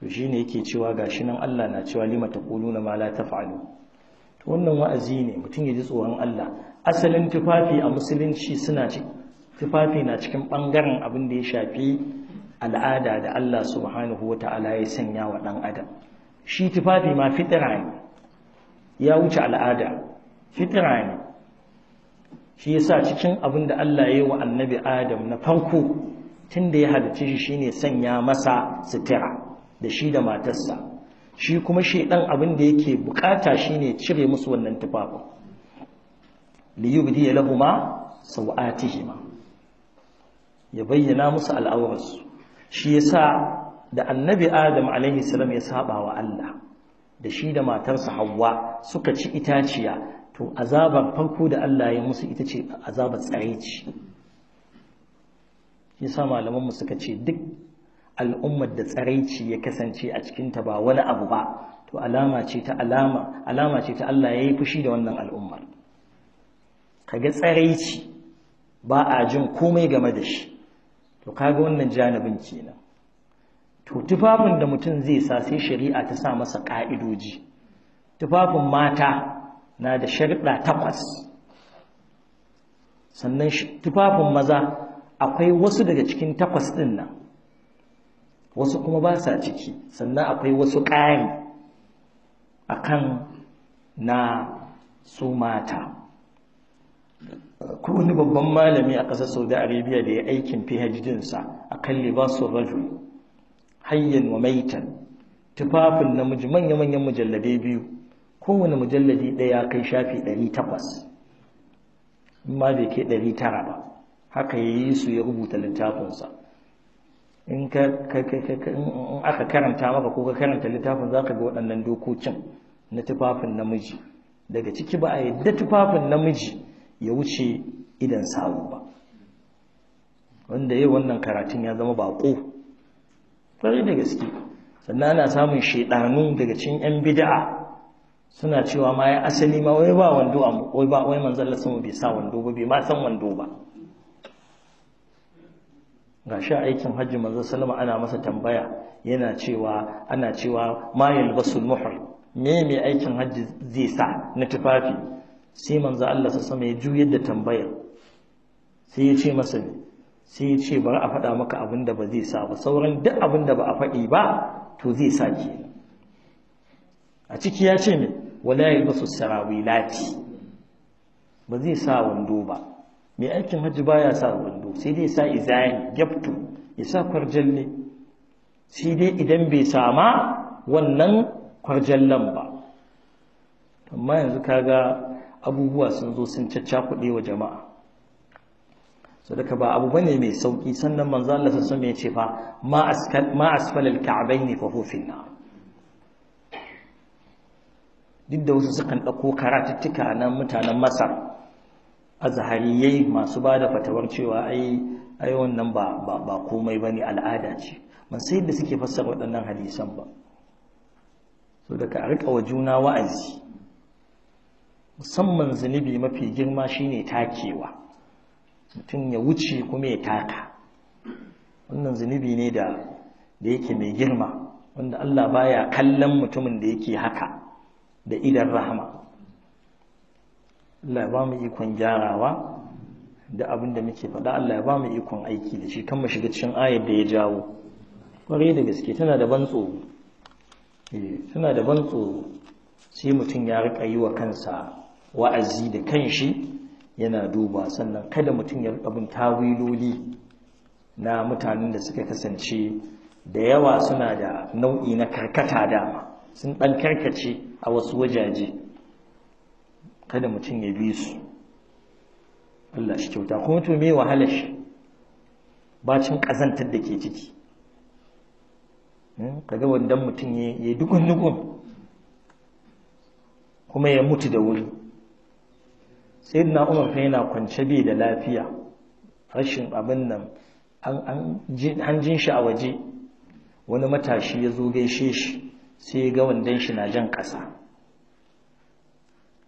to shi ne yake cewa gashi nan Allah na cewa lima taquluna ma la fa'alu wannan wa'azi ne mutum ya ji tsoron Allah asalin tufafi a musulunci suna ci tufafi na cikin ɓangaren abin da ya shafi al'ada da Allah subhanahu wa ta'ala ya sanya wa ɗan adam shi tufafi ma fitira ne ya wuce al'ada fitira ne shi ya sa cikin abin da Allah ya yi wa annabi Adam na farko tun da ya halicce shi shine sanya masa sitira da shi da matarsa shi kuma shi ɗan abin da yake bukata shine cire musu wannan tufafi li yubdi lahuma sawatihima ya bayyana musu al'aurarsu shi yasa da annabi adam alaihi salam ya saba wa Allah da shi da matarsa Hawwa suka ci itaciya to azabar farko da Allah ya musu ita ce azabar tsare ce yasa malaman mu suka ce duk al'ummar da tsaraici ya kasance a cikinta ba wani abu ba to alama ce ta alama alama ce ta Allah ya yi fushi da wannan al'ummar kaga tsaraici ba a jin komai game da shi to kaga wannan janibin kenan to tufafin da mutum zai sa sai shari'a ta sa masa ka'idoji tufafin mata na da sharɗa takwas sannan tufafin maza akwai wasu daga cikin takwas ɗin wasu kuma ba sa ciki sannan akwai wasu ƙari kan na su mata ko wani babban malami a ƙasar saudi arabia da ya aikin phd-sa a kan libasun rajo hayyan wa maitan tufafin namiji manya-manyan mujallabe biyu kowane mujalladi ɗaya kai shafi 800 ma bai kai 900 ba haka ya yi su ya rubuta littafinsa in aka karanta maka ko ka karanta littafin za ka ga waɗannan dokokin na tufafin namiji daga ciki ba a yadda tufafin namiji ya wuce idan sawu ba wanda yau wannan karatun ya zama baƙo ƙwarai da gaske sannan ana samun shaidanu daga cikin 'yan bida'a suna cewa ma ya asali ma wai ba wando a wai ba wai manzon Allah bai sa wando ba bai ma san wando ba ga sha aikin hajji manzo sallama ana masa tambaya yana cewa ana cewa ma yalbasul muhr me me aikin hajji zai sa na tufafi sai manzo Allah sa sama ya juyar da tambayar sai ya ce masa sai ya ce bari a faɗa maka abin da ba zai sa ba sauran duk abin da ba a faɗi ba to zai sa ke a ciki ya ce me wala yalbasu sarawilati ba zai sa wando ba mai aikin hajji baya sa wando sai dai sa izayen Gyaftu ya sa kwarjalle sai dai idan bai sama wannan kwarjallen ba amma yanzu ga abubuwa sun zo sun caccakuɗe wa jama'a sadaka ba abu bane mai sauƙi sannan manzo Allah mai ya ce fa ma asfalal ma asfal al-ka'bayn fa duk da wasu sukan dauko karatuttuka na mutanen Masar azhariyai masu ba da fatawar cewa ai ai wannan ba ba komai bane al'ada ce ban sai da suke fassara waɗannan hadisan ba so daga a riƙa wa juna wa'azi musamman zunubi mafi girma shine takewa mutum ya wuce kuma ya taka wannan zunubi ne da da yake mai girma wanda Allah baya kallon mutumin da yake haka da idan rahama Allah ya ba mu ikon gyarawa da abin da muke faɗa Allah ya ba mu ikon aiki da shi kan mu shiga cikin ayar da ya jawo kwarai da gaske tana da ban tsoro eh, tana da ban sai mutum ya rika yi wa kansa wa'azi da kanshi yana duba sannan kada mutum ya rika bin tawiloli na mutanen da suka kasance da yawa suna da nau'i na karkata da sun ɗan karkace a wasu wajaje kada mutum ya bi su Allah shi kyauta kuma to me wahala shi bacin kazantar da ke ciki hmm? kaga wandan mutum ya yi dukun dukun kuma ya mutu da wuri sai na umar fa yana kwance bai da lafiya rashin abin nan an jin shi a waje wani matashi ya zo gaishe shi sai ya ga wandan shi na jan ƙasa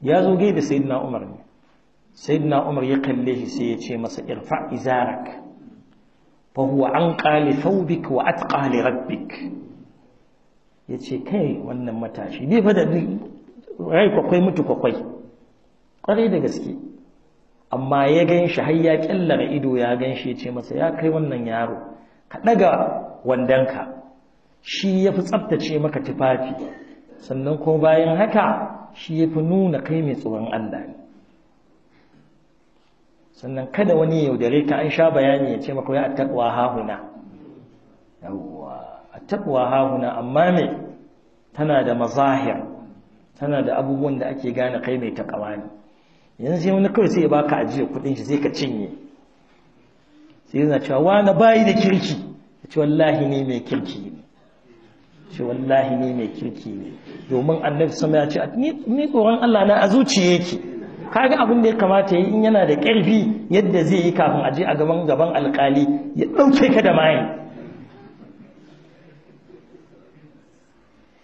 ya zo gaida sayyidina umar ne sayyidina umar ya kalle shi sai ya ce masa irfa izarak fa huwa an qali thawbik wa atqa li rabbik yace kai wannan matashi bai fa da rai kwakwai mutu kwakwai kwarai da gaske amma ya gan shi har ya kyallara ido ya gan shi ya ce masa ya kai wannan yaro ka daga wandanka shi ya fi tsabtace maka tufafi sannan ko bayan haka shi ya fi nuna kai mai tsoron Allah ne sannan kada wani yaudare ka an sha bayani ya ce maka ya attaqwa hahuna yawwa attaqwa hahuna amma me tana da mazahir tana da abubuwan da ake gane kai mai taƙawa ne yanzu sai wani kawai sai ya baka ajiye kuɗin shi zai ka cinye sai yana cewa wani bayi da kirki ya ce wallahi ne mai kirki ne ce wallahi ne mai kirki ne domin annabi sama ya ce ni tsoron Allah na a zuciya yake kaga abin da ya kamata yi in yana da ƙarfi yadda zai yi kafin a je a gaban gaban alƙali ya ɗauke ka da maye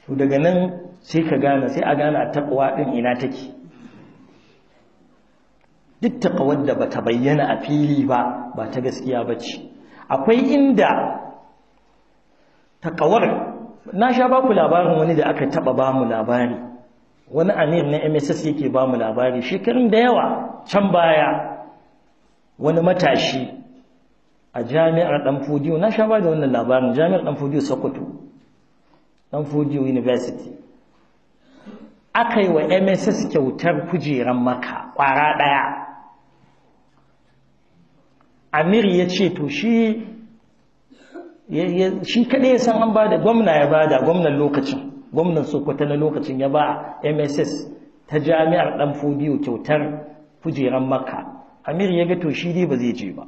to daga nan sai ka gane sai a gane a taɓawa ɗin ina take duk taɓawar da ba ta bayyana a fili ba ba ta gaskiya bace, akwai inda taƙawar na sha ba ku labarin wani da aka taba ba mu labari wani anir na mss yake ba mu labari shekarun da yawa can baya wani matashi a jami'ar dan fudiyo na sha ba da wannan labarin jami'ar dan fudiyo sokoto dan fudiyo university aka yi wa mss kyautar kujeran maka kwara daya amir ya ce to shi shi kaɗai ya san an ba da gwamna ya bada gwamnan lokacin gwamnan sokoto na lokacin ya ba mss ta jami'ar ɗan fodiyo kyautar kujeran maka. amir ya ga to shi dai ba zai je ba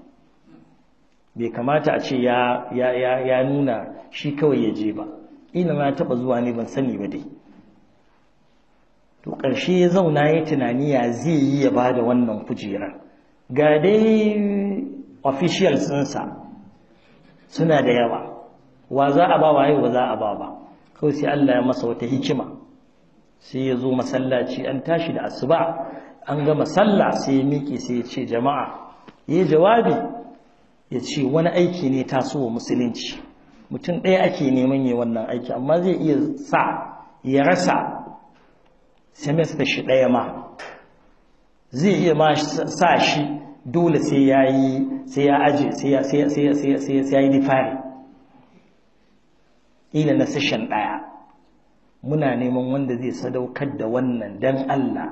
bai kamata a ce ya nuna shi kawai ya je ba ina na taɓa zuwa ne ban sani ba dai to ƙarshe ya zauna ya tunani ya zai yi ya ba da wannan kujerar ga dai officials ɗinsa suna da yawa wa za a ba wa yau ba za a ba ba kawai sai Allah ya masa wata hikima sai ya zo masallaci an tashi da asuba an gama sallah sai ya miƙe sai ya ce jama'a yi jawabi ya ce wani aiki ne wa musulunci mutum ɗaya ake neman yi wannan aiki amma zai iya sa ya rasa semester shi ɗaya ma zai iya ma sa shi dole sai ya yi sai ya aje sai ya yi difari ila na sashen ɗaya muna neman wanda zai sadaukar da wannan dan Allah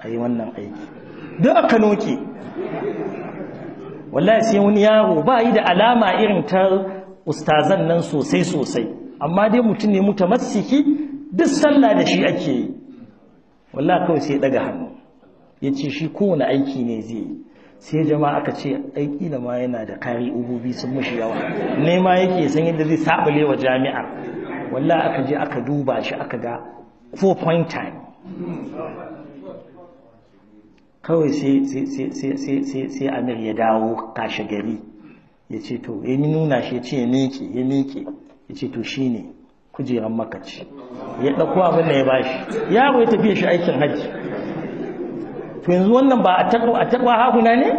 a yi wannan aiki don aka noke wallahi sai wani yaro ba yi da alama irin ta ustazan nan sosai sosai amma dai mutum ne mutu matsiki duk sallah da shi ake yi wallahi kawai sai daga hannu ya ce shi kowane aiki ne zai yi sai jama'a aka ce aiki da ma yana da kari ububi sun mushi yawa nema yake san yadda zai sabule wa jami'a walla aka je aka duba shi aka ga four point time kawai sai amir ya dawo kashe gari ya ce to ya nuna shi ya ce ya neke ya neke ya ce to shi ne kujeran makaci ya ɗauko abin da ya bashi yaro ya tafiya shi aikin hajji to yanzu wannan ba a takwa a takwa ne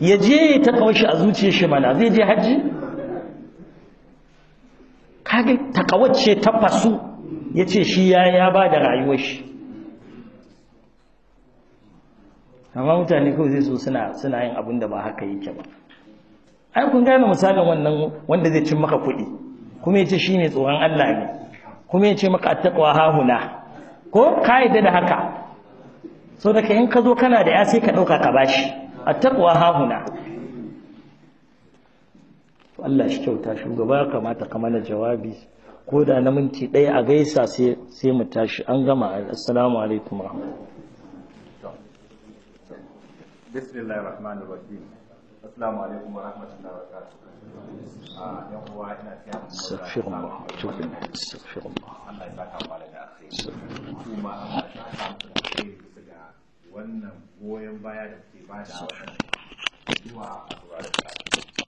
ya je ya takawar shi a zuciyar shi mana zai je haji kage takawace ta fasu yace shi ya ya ba da rayuwar shi amma mutane kawai zai so suna suna yin abin da ba haka yake ba ai kun gane misalin wannan wanda zai cin maka kuɗi kuma ya ce shi ne tsoron Allah ne kuma ya ce maka attaqwa hahuna ko ka da haka sau da ka in ka zo kana da ya sai ka ɗauka ka shi, a taɓuwa hahuna Allah shi kyauta shugaba ya kamata ka mana jawabi ko da na minti ɗaya a gaisa sai mu tashi an gama assalamu alaikum alaikum wa rahmatullahi wa barakatuh ah, yan Allah ya saka mu da wannan goyon baya da ke ba da a wannan zuwa a kura da kasu